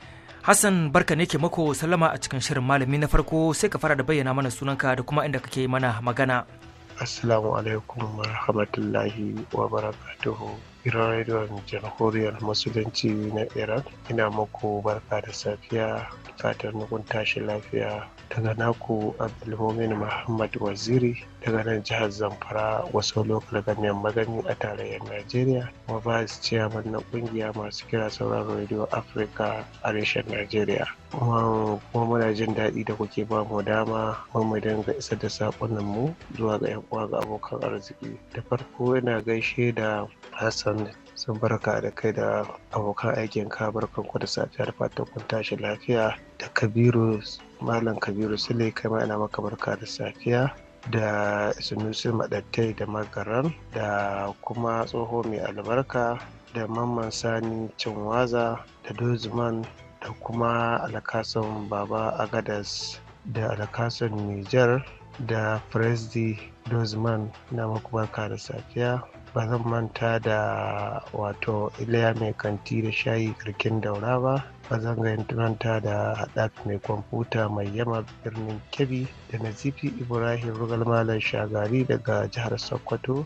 Hassan barka ne ke mako sallama a cikin shirin malami na farko sai ka fara da bayyana mana sunanka da kuma inda kake mana magana. Assalamu alaikum wa rahmatullahi wa barakatuhu. Iran Rediyon Jamhuriyar Musulunci na Iran, ina mako barka da safiya, fatan kun tashi lafiya daga naku abdulmumin muhammad waziri daga nan jihar zamfara wasu lokal ganyen magani a tarayyar najeriya kuma vice chairman na kungiya masu kira sauran radio africa a reshen najeriya kuma muna jin daɗi da kuke ba mu dama mun mu dinga isar da saƙonan mu zuwa ga yan uwa ga abokan arziki da farko ina gaishe da hassan sun barka da kai da abokan aikin ka barkan da safiyar fatan kun tashi lafiya da kabiru malam kabiru sule kai ma ina maka barka da safiya da sunusu maɗattai da magaran da kuma tsoho mai albarka da mamman sani cinwaza da dozman da kuma alakasan baba agadas da alakasan Nijar da presdi dozman na maku barka da safiya ba zan manta da wato iliya mai kanti da shayi karkin daura ba ba zan manta da haɗaf mai kwamfuta mai yama birnin kebbi da nazifi ibrahim rugal malam shagari daga jihar sokoto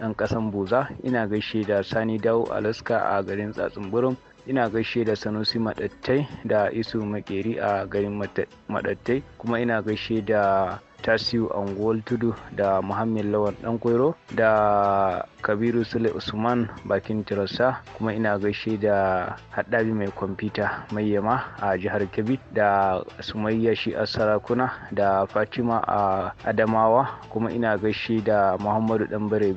yan ƙasan Boza ina gaishe da Sani Dawo Alaska a garin Tsatsunburum ina gaishe da Sanusi Madattai da Isu Makeri a garin Madattai kuma ina gaishe da tasiu angol tudu da muhammed lawan dan koiro da kabiru sule usman bakin tirasa kuma ina gaishe da haɗabi mai kwamfuta mai yama a jihar kebbi da sumayya shi a sarakuna da fatima a adamawa kuma ina gaishe da muhammadu dan bare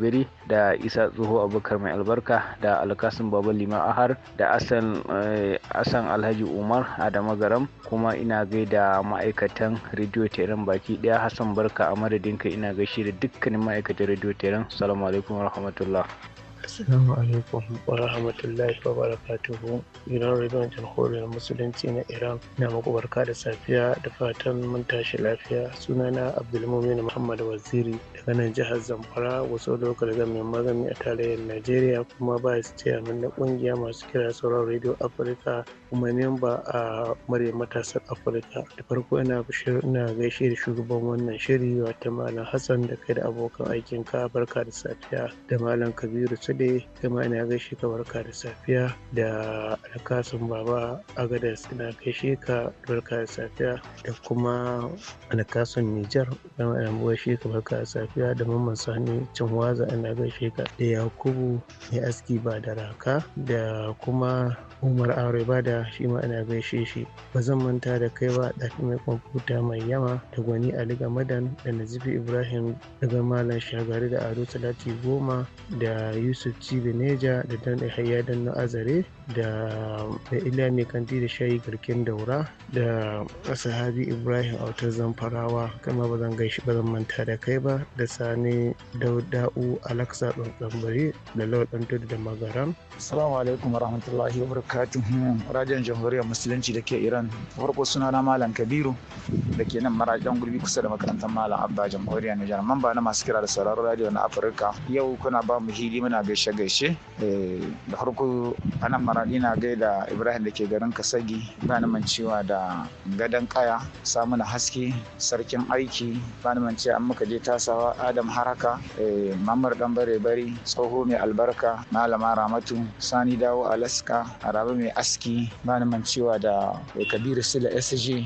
da isa tsoho abubakar mai albarka da alkasin baba lima ahar da asan eh, alhaji umar adama garam kuma ina gaida ma'aikatan rediyo teran baki daya Hassan Barka a madadinka ina gaishe da dukkanin ma'aikatan Radio Teran. Salamu alaikum wa rahmatullah. Assalamu alaikum wa rahmatullahi wa barakatuhu. Gidan rediyon jamhuriyar musulunci na Iran na muku barka da safiya da fatan mun tashi lafiya. Sunana Abdulmumin Muhammad Waziri daga nan jihar Zamfara wasu lokal gamin magani a tarayyar Najeriya kuma ba su ce na kungiya masu kira sauran rediyo Afirka kuma memba a murya matasan Afirka. Da farko ina ina gaishe da shugaban wannan shiri wata Malam Hassan da kai da abokan aikin ka barka da safiya da Malam Kabiru Balarabe kai ma ina gaishe ka barka da safiya da alkasun baba agadas ina gaishe ka barka da safiya da kuma alkasun Nijar kai ma ina gaishe ka barka da safiya da mamman sani cinwaza ina gaishe ka da Yakubu mai aski ba da raka da kuma umar aure da shi ma ina gaishe shi ba zan manta da kai ba ɗafi mai kwamfuta mai yama da gwani ali gamadan da nazifi ibrahim daga malam shagari da ado talati goma da yusuf neja da dan hayya dan na azare da mai ila mai kanti da shayi garken daura da sahabi ibrahim auta zamfarawa kama ba zan gaishe ba manta da kai ba da sani dauda'u alaksa tsambari da lauɗan tudu da magaram assalamu alaikum warahmatullahi wabarakatuh rajin jamhuriyar musulunci da ke iran farko suna na malam kabiru da ke nan marajan gurbi kusa da makarantar malam abba jamhuriyar nijar mamba na masu kira da sauraron radio na afirka yau kuna ba mu hili muna gaishe gaishe eh, da farko a nan na ina da ibrahim da ke garin kasagi bani mancewa da gadon kaya samuna haske sarkin aiki bani mancewa an muka je tasawa adam haraka eh, mamar dan bare bari tsoho mai albarka malama ramatu sani dawo alaska arabe mai aski bani mancewa da eh, kabiru sila sg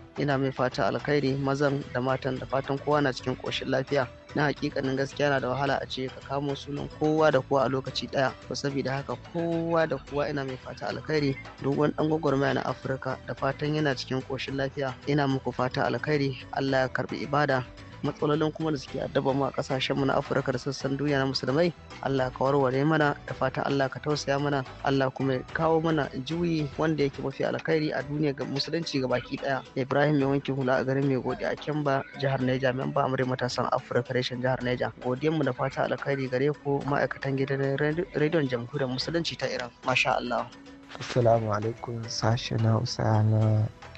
ina mai fata alkhairi mazan da matan da fatan kowa na cikin koshin lafiya na hakikanin gaskiya na da wahala a ce ka kamo sunan kowa da kowa a lokaci ɗaya ba saboda haka kowa da kowa ina mai fata alkhairi duk wani dan gwagwarmaya na afirka da fatan yana cikin koshin lafiya ina muku fata alkhairi allah ya karbi ibada matsalolin kuma da suke addaba mu a kasashen mu na Afirka da sassan duniya na musulmai Allah ka warware mana da fatan Allah ka tausaya mana Allah kuma ya kawo mana juyi wanda yake mafi alkhairi a duniya ga musulunci ga baki daya Ibrahim mai wankin hula a garin mai godi a Kemba jihar Neja memba amurai matasan Afirka reshen jihar Neja godiyan mu da fatan alkhairi gare ku ma'aikatan gidan rediyon jamhuriyar musulunci ta Iran masha Allah Assalamu alaikum sashen usa na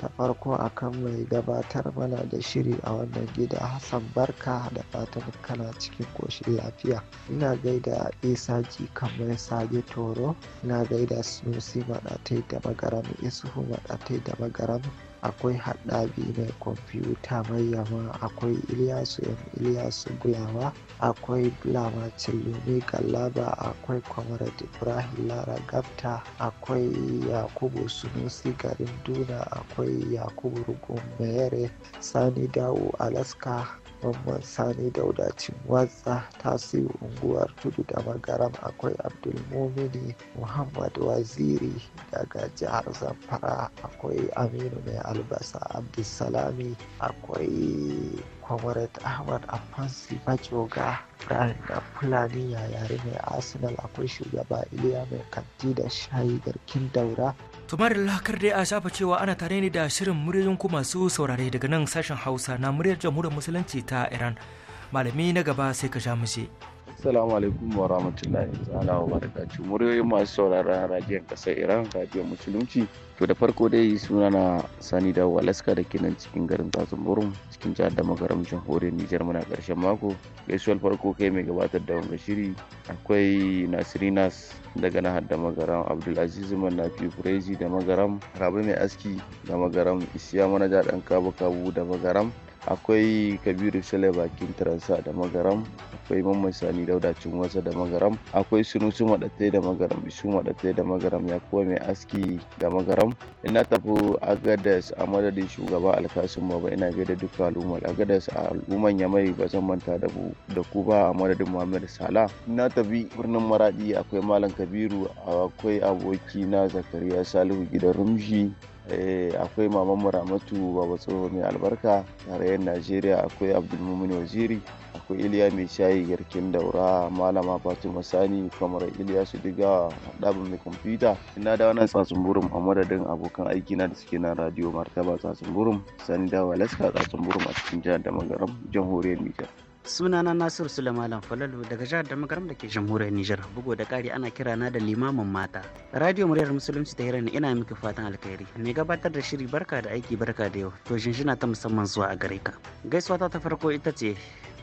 ta farko akan mai gabatar mana da shiri a wannan gida Hassan Barka da fatan kana cikin koshin lafiya. Ina gaida Isa Ji kamar Sage Toro, ina gaida Sunusi Maɗatai da Magaram Isuhu Maɗatai da Magaram akwai haɗabi mai kwamfuta mai yama akwai iliyasu yan iliyasu bulawa akwai bulawa cillumi galaba akwai comrade ibrahim lara gabta akwai yakubu sunusi garin duna akwai yakubu rugun mayere sani dawo alaska Mamman Sani Dauda watsa siyo unguwar Tudu da Magaram akwai Abdulmumini Muhammad Waziri daga jihar Zamfara akwai Aminu Mai Albasa Abdulsalami akwai Comrade Ahmad Afansi Bajoga Ibrahim da Fulani yayari mai Arsenal akwai shugaba Iliya mai kanti da shayi garkin daura tumarillah kar dai a shafa cewa ana tare ne da shirin muryoyin ku masu saurare daga nan sashen hausa na muryar jamhuriyar musulunci ta iran malami na gaba sai ka sha mushe. Assalamu alaikum wa rahmatullahi ta'ala wa barakatuh. Muryoyin masu sauraron radiyon kasar Iran, radiyon musulunci. To da farko dai suna na Sani Dawo Alaska da kinan cikin garin Tsatsun cikin jihar da magaram jamhuriyar Nijar muna karshen mako. Gaisuwar farko kai mai gabatar da wanga shiri akwai Nasirinas daga nahar da magaram abdulaziz Manafi Furezi da magaram rabu mai aski da magaram isiya manaja dan kabu kabu da magaram akwai kabiru sale bakin taransa da magaram akwai mamman sani dauda wasa da magaram akwai sunusu maɗatai da magaram isu maɗatai da magaram ya kuwa mai aski da magaram ina tafi agadas a madadin shugaba alkasun baba ina gaida duka al'ummar agadas a al'umman mai ba zan manta da ku ba a madadin muhammad sala ina tafi birnin maradi akwai malam kabiru akwai aboki na zakariya salihu gidan rumshi eh, akwai maman muramatu baba tsoho mai albarka tarayyar najeriya akwai abdulmumin waziri Ko iliya mai shayi garkin daura malama fatima sani kamar iliya su diga ɗabin mai kwamfuta ina da wannan tsatsun burum a madadin abokan aiki na da suke na radio martaba tsatsun burum sani dawa laska tsatsun burum a cikin jihar da magaram jamhuriyar nijar sunana nasir sulaiman falalu daga jihar damagaram da ke jamhuriyar nijar bugu da kari ana kira na da limamin mata radio muryar musulunci ta hirar ina miki fatan alkhairi mai gabatar da shiri barka da aiki barka da yau to shinshina ta musamman zuwa a gare ka gaisuwa ta farko ita ce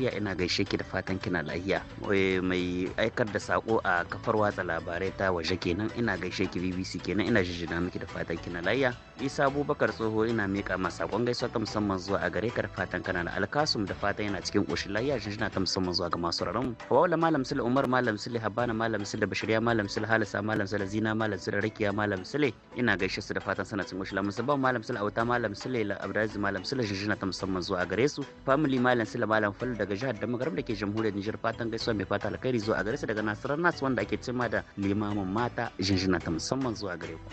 Najeriya ina gaishe ki da fatan kina lahiya. Eh, mai aikar da sako a kafar watsa labarai ta waje kenan ina gaishe ki BBC kenan ina jijjina miki da fatan kina lahiya. Isa Abubakar Tsoho ina mika ma sakon gaisuwa ta musamman zuwa a gare ka da fatan kana da alkasum da fatan yana cikin ƙoshin lahiya jijjina ta musamman zuwa ga masu raron. Hawaula Malam Sule Umar Malam Sule Habana Malam Sule Bashiriya Malam Sule Halisa Malam Sule Zina Malam Sule Rakiya Malam Sule ina gaishe su da fatan sana cikin ƙoshin lahiya musamman Malam Sule Auta Malam Sule Abdulaziz Malam Sule jijjina ta musamman zuwa a gare su. Family Malam Sule Malam Fal daga daga jihar Damagaram da ke jamhuriyar Nijar fatan gaisuwa mai fata alkhairi zuwa a gare su daga Nasarar Nas wanda ake cima da limamin mata jinjina ta musamman zuwa gare ku.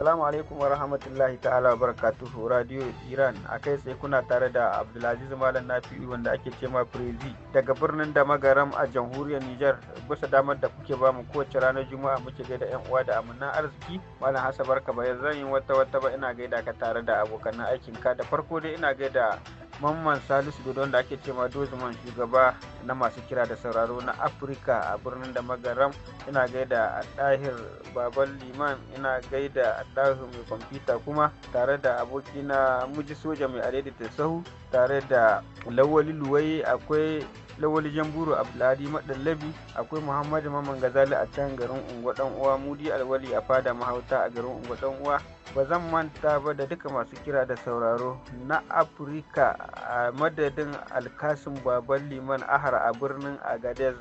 Assalamu alaikum wa rahmatullahi ta'ala barakatuhu Radio Iran a kai sai kuna tare da Abdulaziz Malam Nafi'u wanda ake cema ma daga birnin da magaram a jamhuriyar Nijar bisa damar da kuke ba mu kowace ranar Juma'a muke gaida yan uwa da amanna arziki Malam Hassan barka bayan zan yi wata wata ba ina gaida ka tare da abokan aikin ka da farko dai ina gaida Mamman Salisu Dodo da ake cema Dozman shugaba na masu kira da sauraro na Afirka a birnin da magaram ina gaida ɗahir baban liman ina gaida ɗahir mai kwamfuta kuma tare da abokina muji soja mai adaidaita sahu tare da lawali luwai akwai lawali jamburu abdulhadi madallabi akwai muhammad mamman gazali a can garin unguwa dan uwa mudi alwali a fada mahauta a garin unguwa dan uwa ba zan manta ba da duka masu kira da sauraro na afirka a madadin alkasin baban liman ahar a birnin agadez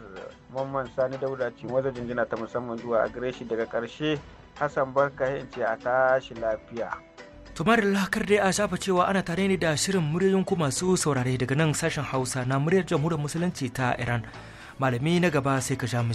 mamman sani dauda ce wajen jinjina ta musamman zuwa a gare shi daga karshe hassan barka ce a tashi lafiya tumarilla kar dai a shafa cewa ana tare ne da shirin muryoyin ku masu saurare daga nan sashen hausa na muryar jamhuriyar musulunci ta iran malami na gaba sai ka sha mu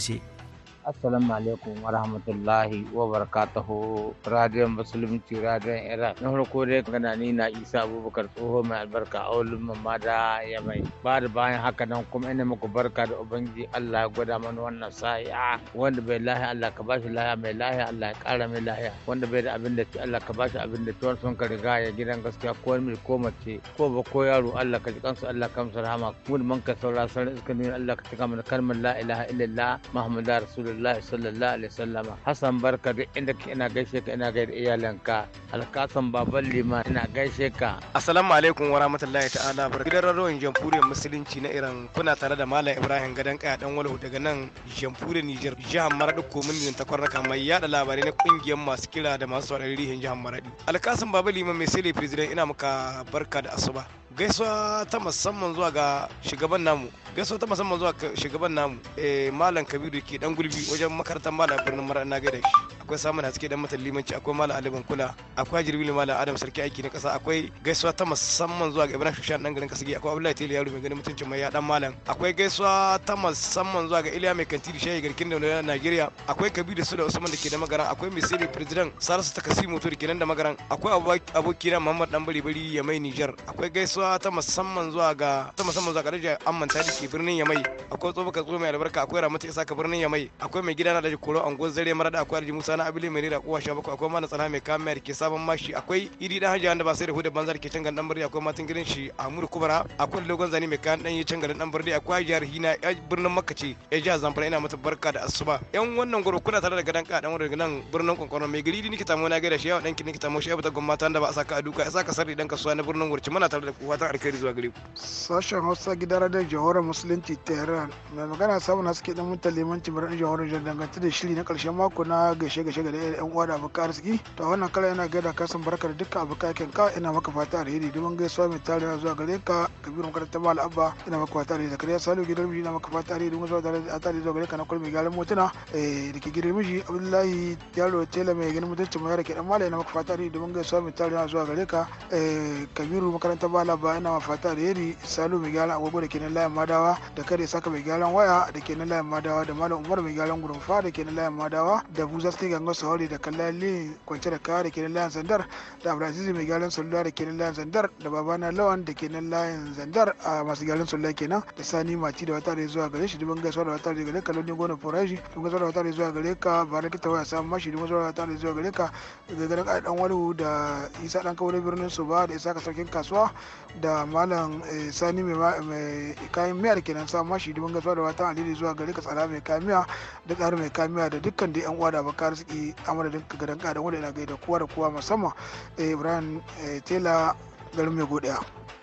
Assalamu alaikum wa rahmatullahi wa barakatuhu. Radiyon Musulunci Radiyon Iraq. Na farko dai magana ni na Isa Abubakar tsoho mai albarka a wulin mamma da ya mai. Ba da bayan haka nan kuma ina muku barka da Ubangiji Allah ya gwada mana wannan sa'i'a wanda bai lahiya Allah ka bashi lahiya mai lahiya Allah ya kara mai lahiya wanda bai da abin da ci Allah ka bashi abin da ci wani sun ka riga ya gidan gaskiya ko wani ko mace ko ba ko yaro Allah ka ji kansu Allah ka musu rahama. Mun man ka saura sarar iska ne Allah ka cika mana kalmar la ilaha illallah Muhammadu Rasulullah. rasulullahi sallallahu alaihi wasallama hasan barka duk inda ka ina gaishe ka ina gaida iyalanka alkasan baban liman ina gaishe ka assalamu alaikum wa rahmatullahi ta'ala barka gidan radiyon jamhuriyar musulunci na iran kuna tare da malam ibrahim gadan kaya dan walau daga nan jamhuriyar niger jihar maradi komin ta kwarraka mai yada labarai na kungiyar masu kira da masu sauraron rihin jihar maradi alkasan baban liman mai sele president ina maka barka da asuba gaisuwa ta musamman zuwa ga shugaban namu gaisuwa ta musamman zuwa ga shugaban namu eh malam kabiru ke dan gulbi wajen makarantar malam birnin mara na gaida shi akwai samun haske dan matan limanci akwai malam aliban kula akwai jirbili malam adam sarki aiki na kasa akwai gaisuwa ta musamman zuwa ga ibrahim shushan dan garin kasige akwai abdullahi tele yaro mai ganin mutuncin mai ya dan malam akwai gaisuwa ta musamman zuwa ga iliya mai kantiri shehi garkin da na nigeria akwai kabiru su da usman da ke da magaran akwai misiri president salisu takasimu to da ke nan da magaran akwai abokina muhammad dan bari bari ya mai niger akwai gaisuwa gaisuwa ta musamman zuwa ga ta musamman zuwa ga Raja Amman Tadi ke birnin Yamai akwai tsofaka tso mai albarka akwai Ramatu Isa ka birnin Yamai akwai mai gidana da Koro Angon Zare Marada akwai Alhaji Musa na Abili Mai Rira Kowa shabaku akwai mana Tsana mai kamar ke sabon mashi akwai Idi dan Hajji da ba sai da hudu banzar ke cangan dan birni akwai Matin Girin shi Amuru Kubara akwai Logon Zani mai kayan dan yi cangan dan birni akwai Jihar Hina birnin Makka ce ya jihar Zamfara ina mata barka da asuba yan wannan goro kuna tare da gadan ka dan wurin nan birnin Kwankwaron mai giri ni kita mu na gaida shi yawa dan ki ni kita mu shi ya bata gwamnati da ba a saka a duka ya saka sarri dan kasuwa na birnin Wurci muna tare da ku fatan alkhairi zuwa gare ku sashen hausa gidan radar jihohar musulunci tehran mai magana samu na suke dan mutan limanci birnin jihohar jihar dangantar da shiri na karshen mako na gaishe gaishe ga yan uwa da abokan arziki to wannan kala yana gaida kasan barkar dukkan abokan ka ina maka fata alheri domin gaisuwa mai tarewa zuwa gare ka kabiru makarantar mal abba ina maka fata alheri zakariya salo gidan miji ina maka fata alheri domin zuwa da atari zuwa gare ka na kulmi gyaran motuna eh, da ke gidan miji abdullahi yaro tela mai ganin mutuncin mai da ke dan mala ina maka fata alheri domin gaisuwa mai tarewa zuwa gare ka eh, kabiru makarantar mal ba na ma da yari salu mai gyaran agogo da ke nan layin madawa da kare saka mai gyaran waya da ke nan layin madawa da malam umar mai gyaran gurumfa da ke nan layin madawa da buza sai ganga sahori da lili kwance da kaya da ke nan layin zandar da abdulaziz mai gyaran salula da ke nan layin zandar da babana lawan da ke nan layin zandar a masu gyaran salula kenan da sani mati da wata da zuwa gare shi dubin gaisuwa da wata da gare ka lodin gona foraji dubin gaisuwa da wata da zuwa gare ka ba da kita waya samun mashi dubin gaisuwa da wata da zuwa gare ka da garin dan walu da isa dan kawo birnin su ba da isa ka sarkin kasuwa da malam eh, sani mai kayan miya da ke nan samun mashi dubin gaswa da watan alheri zuwa gari ka tsara mai kayan miya da tsara mai kamiya da dukkan da yan uwa da abokan arziki amara da ga dan kada wanda ina gaida kowa da kowa musamman eh, ibrahim eh, tela garin mai godiya.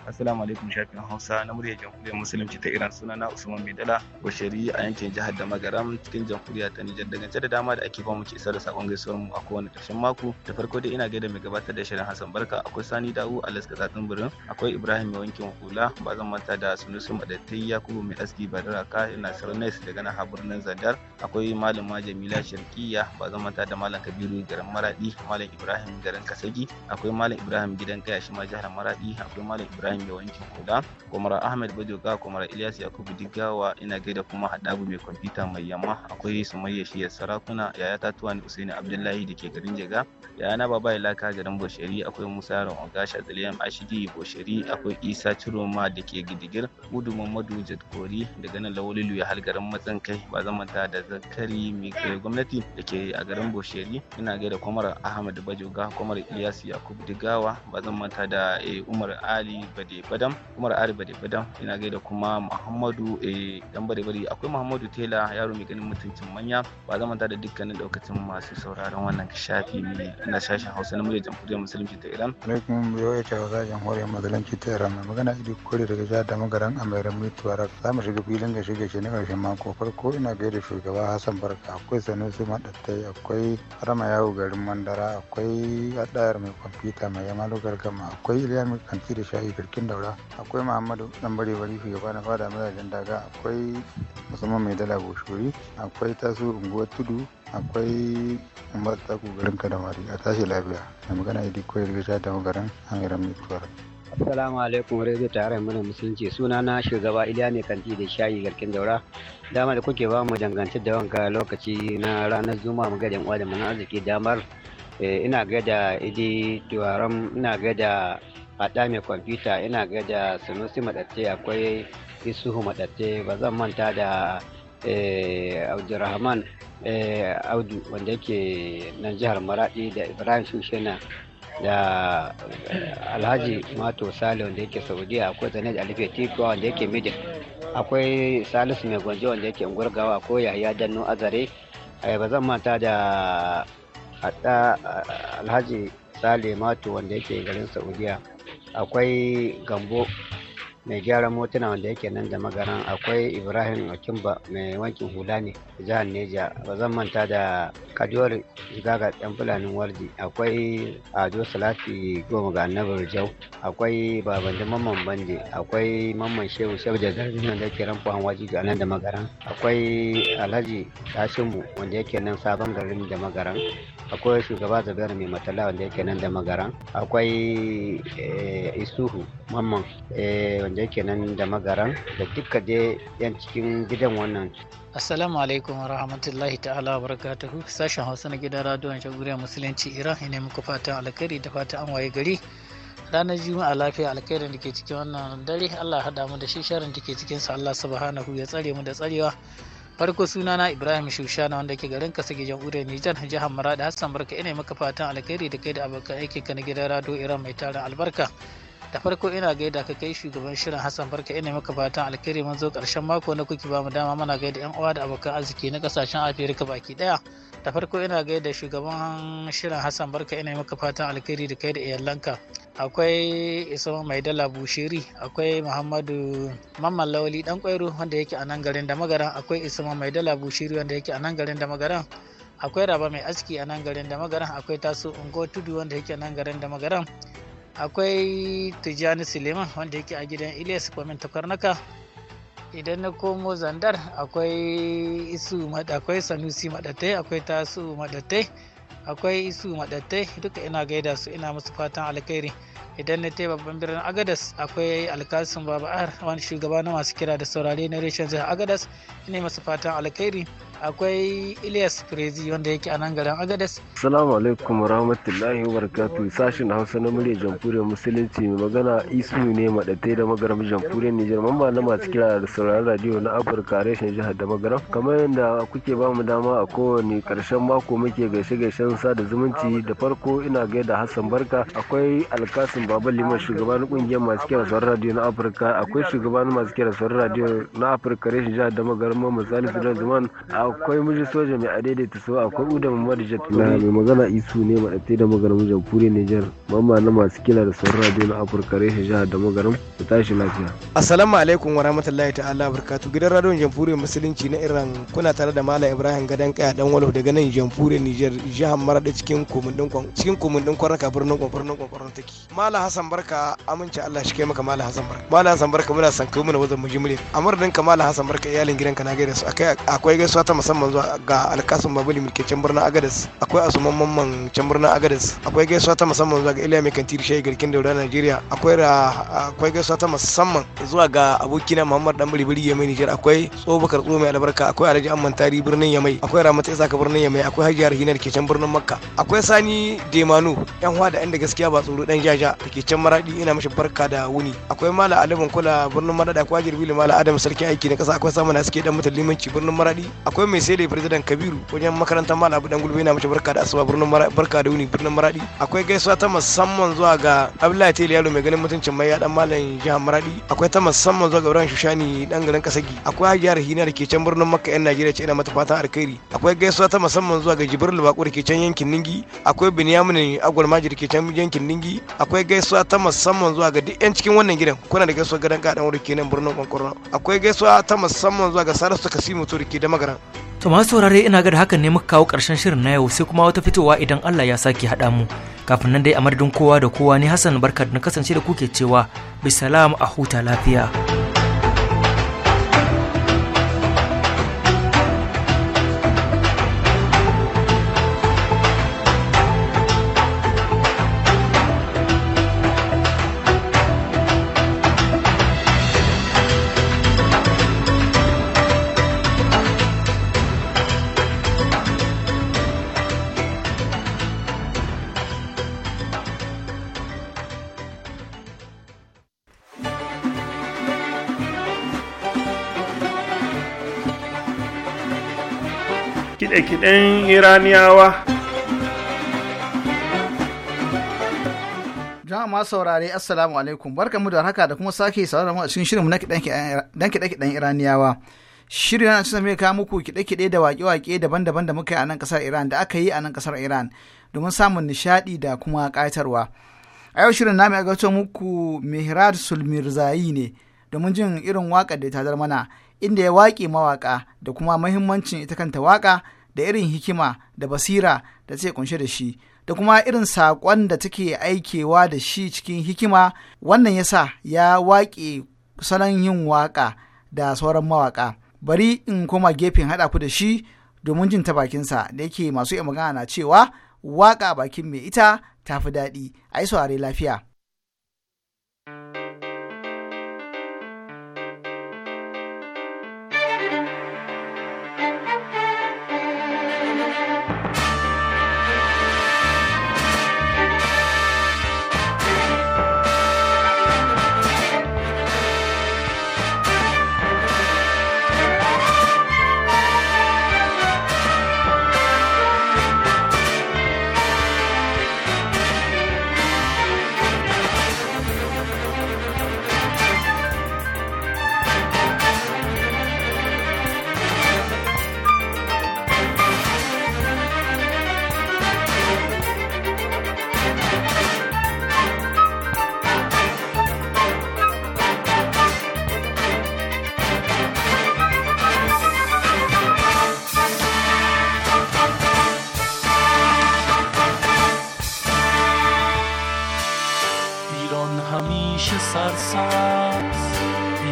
Assalamu alaikum shafin Hausa na muryar jamhuriyar musulunci ta Iran na Usman Maidala Bashari a yankin jihar da Magaram cikin jamhuriya ta Nijar dangance da dama da ake bamu ke isar da sakon gaisuwar mu a kowane ƙarshen mako da farko dai ina gaida mai gabatar da shirin Hassan Barka akwai Sani Dawu Alaska Tsatsun Birin akwai Ibrahim mai wankin hula ba zan manta da Sunusu Madattai Yakubu mai aski ka ina Nais daga nan birnin zandar. akwai Malama Jamila Shirkiya ba zan manta da Malam Kabiru garin Maradi Malam Ibrahim garin Kasagi akwai Malam Ibrahim gidan Kaya shi ma jihar Maradi akwai Malam Ibrahim Ibrahim da wankin kula, Kwamara Ahmed Bajoga, Kwamara Ilyas Yakubu Digawa, ina gaida kuma haɗabu mai kwamfuta mai yamma, akwai Sumayya Shiyar Sarakuna, Yaya Tatuwa ni Usaini Abdullahi da ke garin Jega, Yaya na Babayi Laka garin Bosheri, akwai Musa Yaron Ogasha Zaliyam Ashidi Bosheri, akwai Isa Ciroma da ke Gidigir, Udu Mamadu Jadkori daga nan Lawalilu ya har Matsan Kai, ba zamanta da Zakari mai gwamnati da ke a garin Bosheri, ina gaida Kwamara Ahmed Bajoga, Kwamara Ilyas Yakubu Digawa, ba zamanta da eh, Umar Ali bade badam umar ari bade badam ina gaida kuma muhammadu eh dan bade bade akwai muhammadu tela yaro mai ganin mutuncin manya ba zaman da dukkanin daukacin masu sauraron wannan shafi ne na sashen hausa na muryar jamhuriyar musulunci ta iran alaikum biyoyi ta hausa jamhuriyar musulunci ta iran magana idi kore daga jihar da magaran amairan mutuwar za mu shiga filin da shige shi na karshen mako farko ina gaida shugaba hassan barka akwai sanusi madattai akwai rama yawo garin mandara akwai adayar mai kwamfuta mai yamalu gargama akwai iliya mai kanti da shayi bikin daura akwai muhammadu dan bari bari shugaba na fada mazajen daga akwai musamman mai dala boshori akwai taso unguwar tudu akwai umar taku garin kadamari a tashi lafiya da magana idi koyar gita da garin amiran mutuwar Assalamu alaikum radio tare mana musulunci suna na shugaba Iliya ne kanti da shayi garkin daura dama da kuke ba mu dangance da wanka lokaci na ranar zuma mu gadin uwa da mana arziki damar eh, ina gada idi tuwaron ina gada haɗa mai kwamfuta ina ga da sanusi madatte akwai isuhu madatte ba zan manta da eh, abdurrahman eh, audu wanda yake nan jihar maradi da ibrahim shushena da eh, alhaji mato sale wanda yake saudiya akwai zanet alife tikuwa wanda yake Mijin, akwai salisu mai gwanje wanda yake gurgawa ko yahaya danno azare ba zan manta da alhaji sale mato wanda yake garin saudiya akwai gambo mai gyaran motuna wanda yake nan da magaran akwai ibrahim akimba mai wankin hula ne jihar neja ba zan manta da kaduwar jigaga ɗan fulanin wardi akwai ado Salafi, goma ga annabar jau akwai babanda mamman bande akwai mamman shehu shehu da zargin wanda yake ran fuhan waji ga nan da magaran akwai alhaji tashinmu wanda yake nan sabon garin da magaran akwai shugaba zabiyar mai matala wanda yake nan da magaran akwai eh, isuhu mamman eh, Gwanjo kenan da magaran da duka da yan cikin gidan wannan. Assalamu alaikum wa rahmatullahi ta'ala wa barakatuhu sashen Hausa na gidan radiyon jamhuriyar musulunci Iran ina muku fatan alkhairi da fatan an waye gari. ranar juma'a lafiya alkhairin da ke cikin wannan dare allah haɗa mu da shi sharin da ke cikin sa allah subhanahu ya tsare mu da tsarewa farko sunana ibrahim shushana wanda ke garin kasa gijan ure nijar jihar maradi hassan barka ina maka fatan alkhairi da kai da abokan aikin ka na gidan rado iran mai tarin albarka da farko ina gaida ka kai shugaban shirin hassan barka ina maka fatan alkhairi mun zo karshen mako na kuki ba mu dama Muna gaida yan uwa da abokan arziki na kasashen afirka baki daya da farko ina gaida shugaban shirin hassan barka ina maka fatan alkhairi da kai da iyalanka akwai isa maidala bushiri akwai muhammadu mamman lawali dan kwairo wanda yake a nan garin da magaran akwai isa maidala bushiri wanda yake a nan garin da magaran akwai raba mai aski a nan garin da magaran akwai taso ungo tudu wanda yake a nan garin da magaran akwai tijjani suleiman wanda yake a gidan ilyas kwamin takwarnaka idan na komo zandar akwai isu akwai sanusi madatai akwai tasu madatai akwai isu madatai duka ina gaida su ina musu fatan alkhairi idan na tai babban birnin agadas akwai alkasun baba wani shugaba na masu kira da saurare na reshen jihar agadas ina masu fatan alkhairi akwai Ilyas Firezi wanda yake a nan garin Agades. Salamu alaikum wa rahmatullahi wa barakatuh Sashen Hausa na murya jamhuriyar musulunci mai magana isu ne madatai da magaram jamhuriyar Nijar mamba na masu kira da sauraron radio na Afirka reshen jihar da magaram kamar yadda kuke ba mu dama a kowane karshen mako muke gaishe gaishen sada zumunci da farko ina gaida Hassan Barka akwai Alkasim Baba Liman shugaban kungiyar masu kira sauraron radio na Afirka akwai shugaban masu kira sauraron radio na Afirka reshen jihar da magaram Muhammad Salisu Zaman a akwai miji soja mai ta sau akwai uda mamadu jet na mai magana isu ne maɗatai da magaram jamhuriyar nijar mamma na masu kila da sauran radio na afirka reshen jihar da magaram da tashi lafiya assalamu alaikum wa rahmatullahi ta'ala barkatu gidan radio jamhuriyar musulunci na iran kuna tare da malam ibrahim gadan kaya dan walo daga nan jamhuriyar nijar jihar maradi cikin kumin kwan cikin kumin kwan raka birnin kwan birnin kwan kwan take malam hasan barka amince allah shi kai maka malam hasan barka malam hasan barka muna san kai mana wajen mujimure amurdin ka malam hasan barka iyalin gidanka na gaida su akwai gaisuwa ta musamman zuwa ga alkasun babali mulke can birnin agadas akwai asuman mamman can birnin agadas akwai gaisuwa ta musamman zuwa ga iliya mai kantiri shayi garkin daura najeriya akwai akwai gaisuwa ta musamman zuwa ga abokina muhammad dan biribiri yamai nijar akwai tsobakar tsomai mai albarka akwai alhaji amman tari birnin yamai akwai ramata isaka birnin yamai akwai hajiyar hinar ke can birnin makka akwai sani demanu yan da yan da gaskiya ba tsoro dan jaja da ke can maradi ina mashi barka da wuni akwai mala alamin kula birnin madada akwai jirbi mala adam sarki aiki na kasa akwai samun suke dan mutan limanci birnin maradi akwai mai sai da firzidan kabiru wajen makarantar malam abu dan gulbe yana mace barka da asuba birnin barka da wuni birnin maradi akwai gaisuwa ta musamman zuwa ga abdullahi tele yalo mai ganin mutuncin mai dan malam jihar maradi akwai ta musamman zuwa ga ibrahim shushani dan garin kasagi akwai hajiyar hina da ke can birnin makka yan najeriya ce ina mata fatan alkhairi akwai gaisuwa ta musamman zuwa ga jibril bakur ke can yankin ningi akwai binyamin agwal maji da ke can yankin ningi akwai gaisuwa ta musamman zuwa ga duk yan cikin wannan gidan kuna da gaisuwa dan gadan wuri kenan birnin kwankwaro akwai gaisuwa ta musamman zuwa ga sarasu kasimu turki da magaran To masu saurare ina ga da hakan ne muka kawo ƙarshen shirin na yau sai kuma wata fitowa idan Allah ya sake haɗa mu. Kafin nan dai a madadin kowa da kowa ne Hassan barka na kasance da kuke cewa bisalam a huta lafiya. ɗin iraniyawa jama'a saurare assalamu alaikum barkanmu da haka da kuma sake saurara mu a cikin shirinmu na kiɗe-kiɗen iraniyawa shirin yana cikin mai kawo muku kiɗe-kiɗe da waƙe-waƙe daban-daban da muka yi a nan ƙasar iran da aka yi a nan ƙasar iran domin samun nishaɗi da kuma ƙayatarwa a yau shirin namu ya gato muku mihrad sulmirzayi ne domin jin irin waƙar da ta mana inda ya waƙe mawaƙa da kuma mahimmancin ita kanta waƙa da irin hikima da basira da take kunshe da shi da kuma irin saƙon da take aikewa da shi cikin hikima wannan yasa ya waƙe salon yin waƙa da sauran mawaƙa bari in koma gefen haɗa ku da shi domin jin ta bakinsa da yake masu iya magana na cewa waƙa bakin mai ita tafi daɗi a yi saurare lafiya.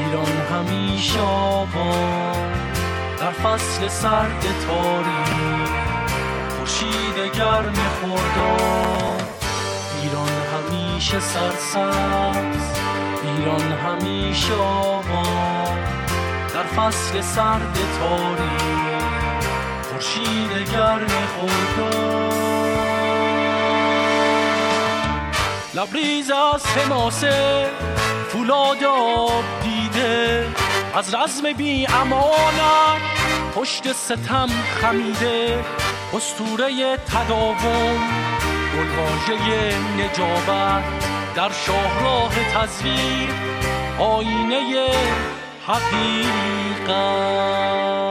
ایران همیشه آبان در فصل سرد تاری خوشید گرم خوردان ایران همیشه سرسبز ایران همیشه آبان در فصل سرد تاری خوشید گرم خوردان لبریز از حماسه فولاد از رزم بی امانت پشت ستم خمیده استوره تداوم گلواجه نجابت در شاهراه تزویر آینه حقیقت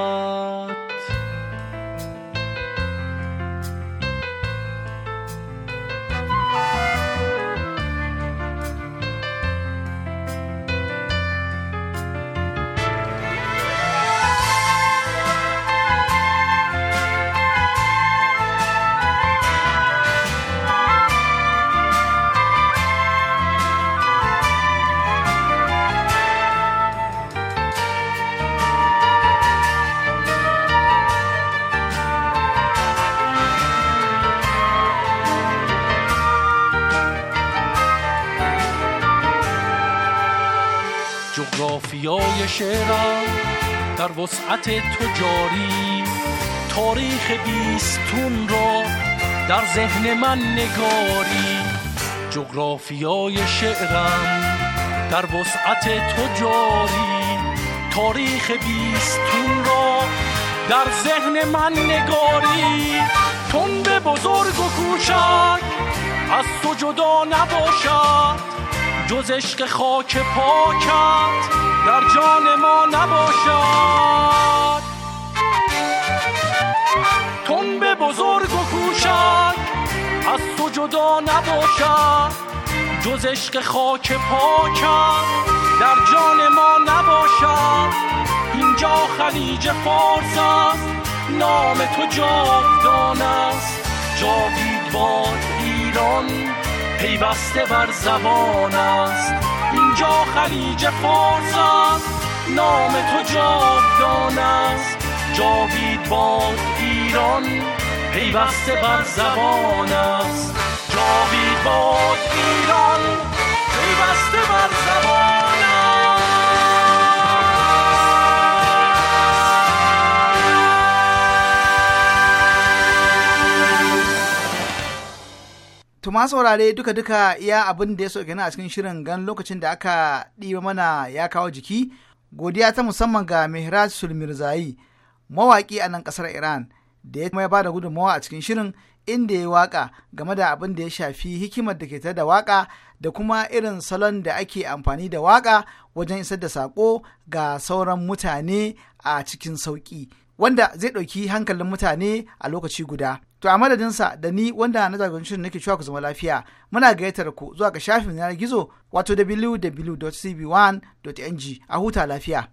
جغرافیای شعرم در وسعت تجاری تاریخ بیستون را در ذهن من نگاری جغرافیای شعرم در وسعت تجاری تاریخ بیستون را در ذهن من نگاری تند بزرگ و کوچک از تو جدا نباشد جز عشق خاک پاکت در جان ما نباشد تن به بزرگ و از تو جدا نباشد جز عشق خاک پاکت در جان ما نباشد اینجا خلیج فارس است نام تو جاودان است جاوید باد ایران پیوسته بر زبان است اینجا خلیج فارس است نام تو جاودان است جاوید باد ایران پیوسته بر زبان است جاوید باد ایران پیوسته بر زبان Tuma saurare duka-duka ya abin da ya so kenan a cikin shirin gan lokacin da aka ɗiba mana ya kawo jiki, godiya ta musamman ga Mihraj Sulmirzayi, mawaƙi a nan ƙasar Iran, da ya kuma ya bada gudunmawa a cikin shirin inda ya waƙa game da abin da ya shafi hikimar da ke ta da waƙa da kuma irin salon da ake amfani da waƙa wajen isar da saƙo ga sauran mutane a cikin sauƙi, wanda zai ɗauki hankalin mutane a lokaci guda. To a madadinsa da ni wanda na jagoranci shirin nake cewa ku zama lafiya muna gayyatar ku zuwa ga shafin yanar gizo wato www.cb1.ng a huta lafiya.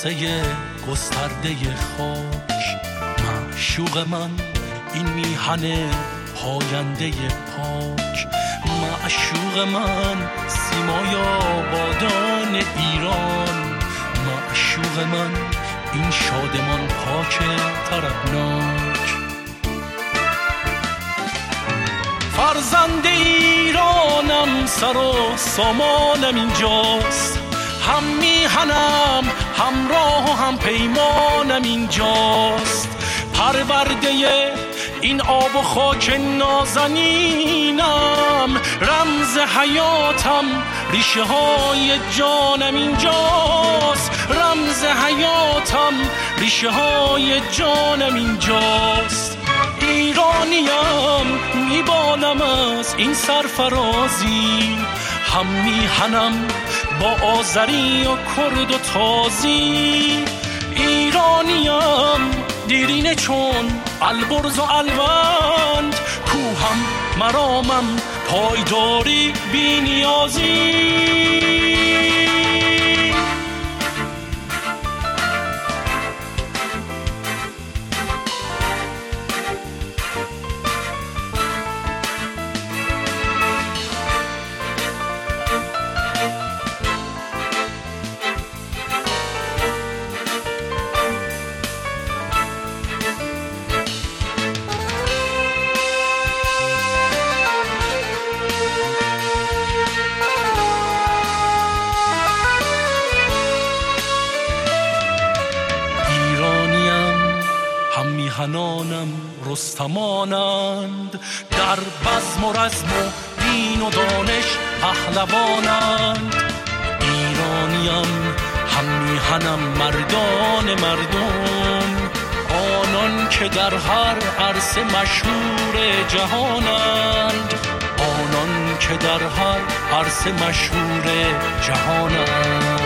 قصه گسترده خاک معشوق من این میهن پاینده پاک معشوق من سیمای آبادان ایران معشوق من این شادمان پاک تربناک فرزند ایرانم سر و سامانم اینجاست هم میهنم همراه و هم پیمانم اینجاست پرورده این آب و خاک نازنینم رمز حیاتم ریشه های جانم اینجاست رمز حیاتم ریشه های جانم اینجاست ایرانیم میبانم از این سرفرازی هم میهنم با آزری و کرد و تازی ایرانیم دیرینه چون البرز و الوند کوهم مرامم پایداری بینیازی رستمانند در بزم و رزم و دین و دانش پهلوانند ایرانیم همیهنم مردان مردم آنان که در هر عرص مشهور جهانند آنان که در هر عرص مشهور جهانند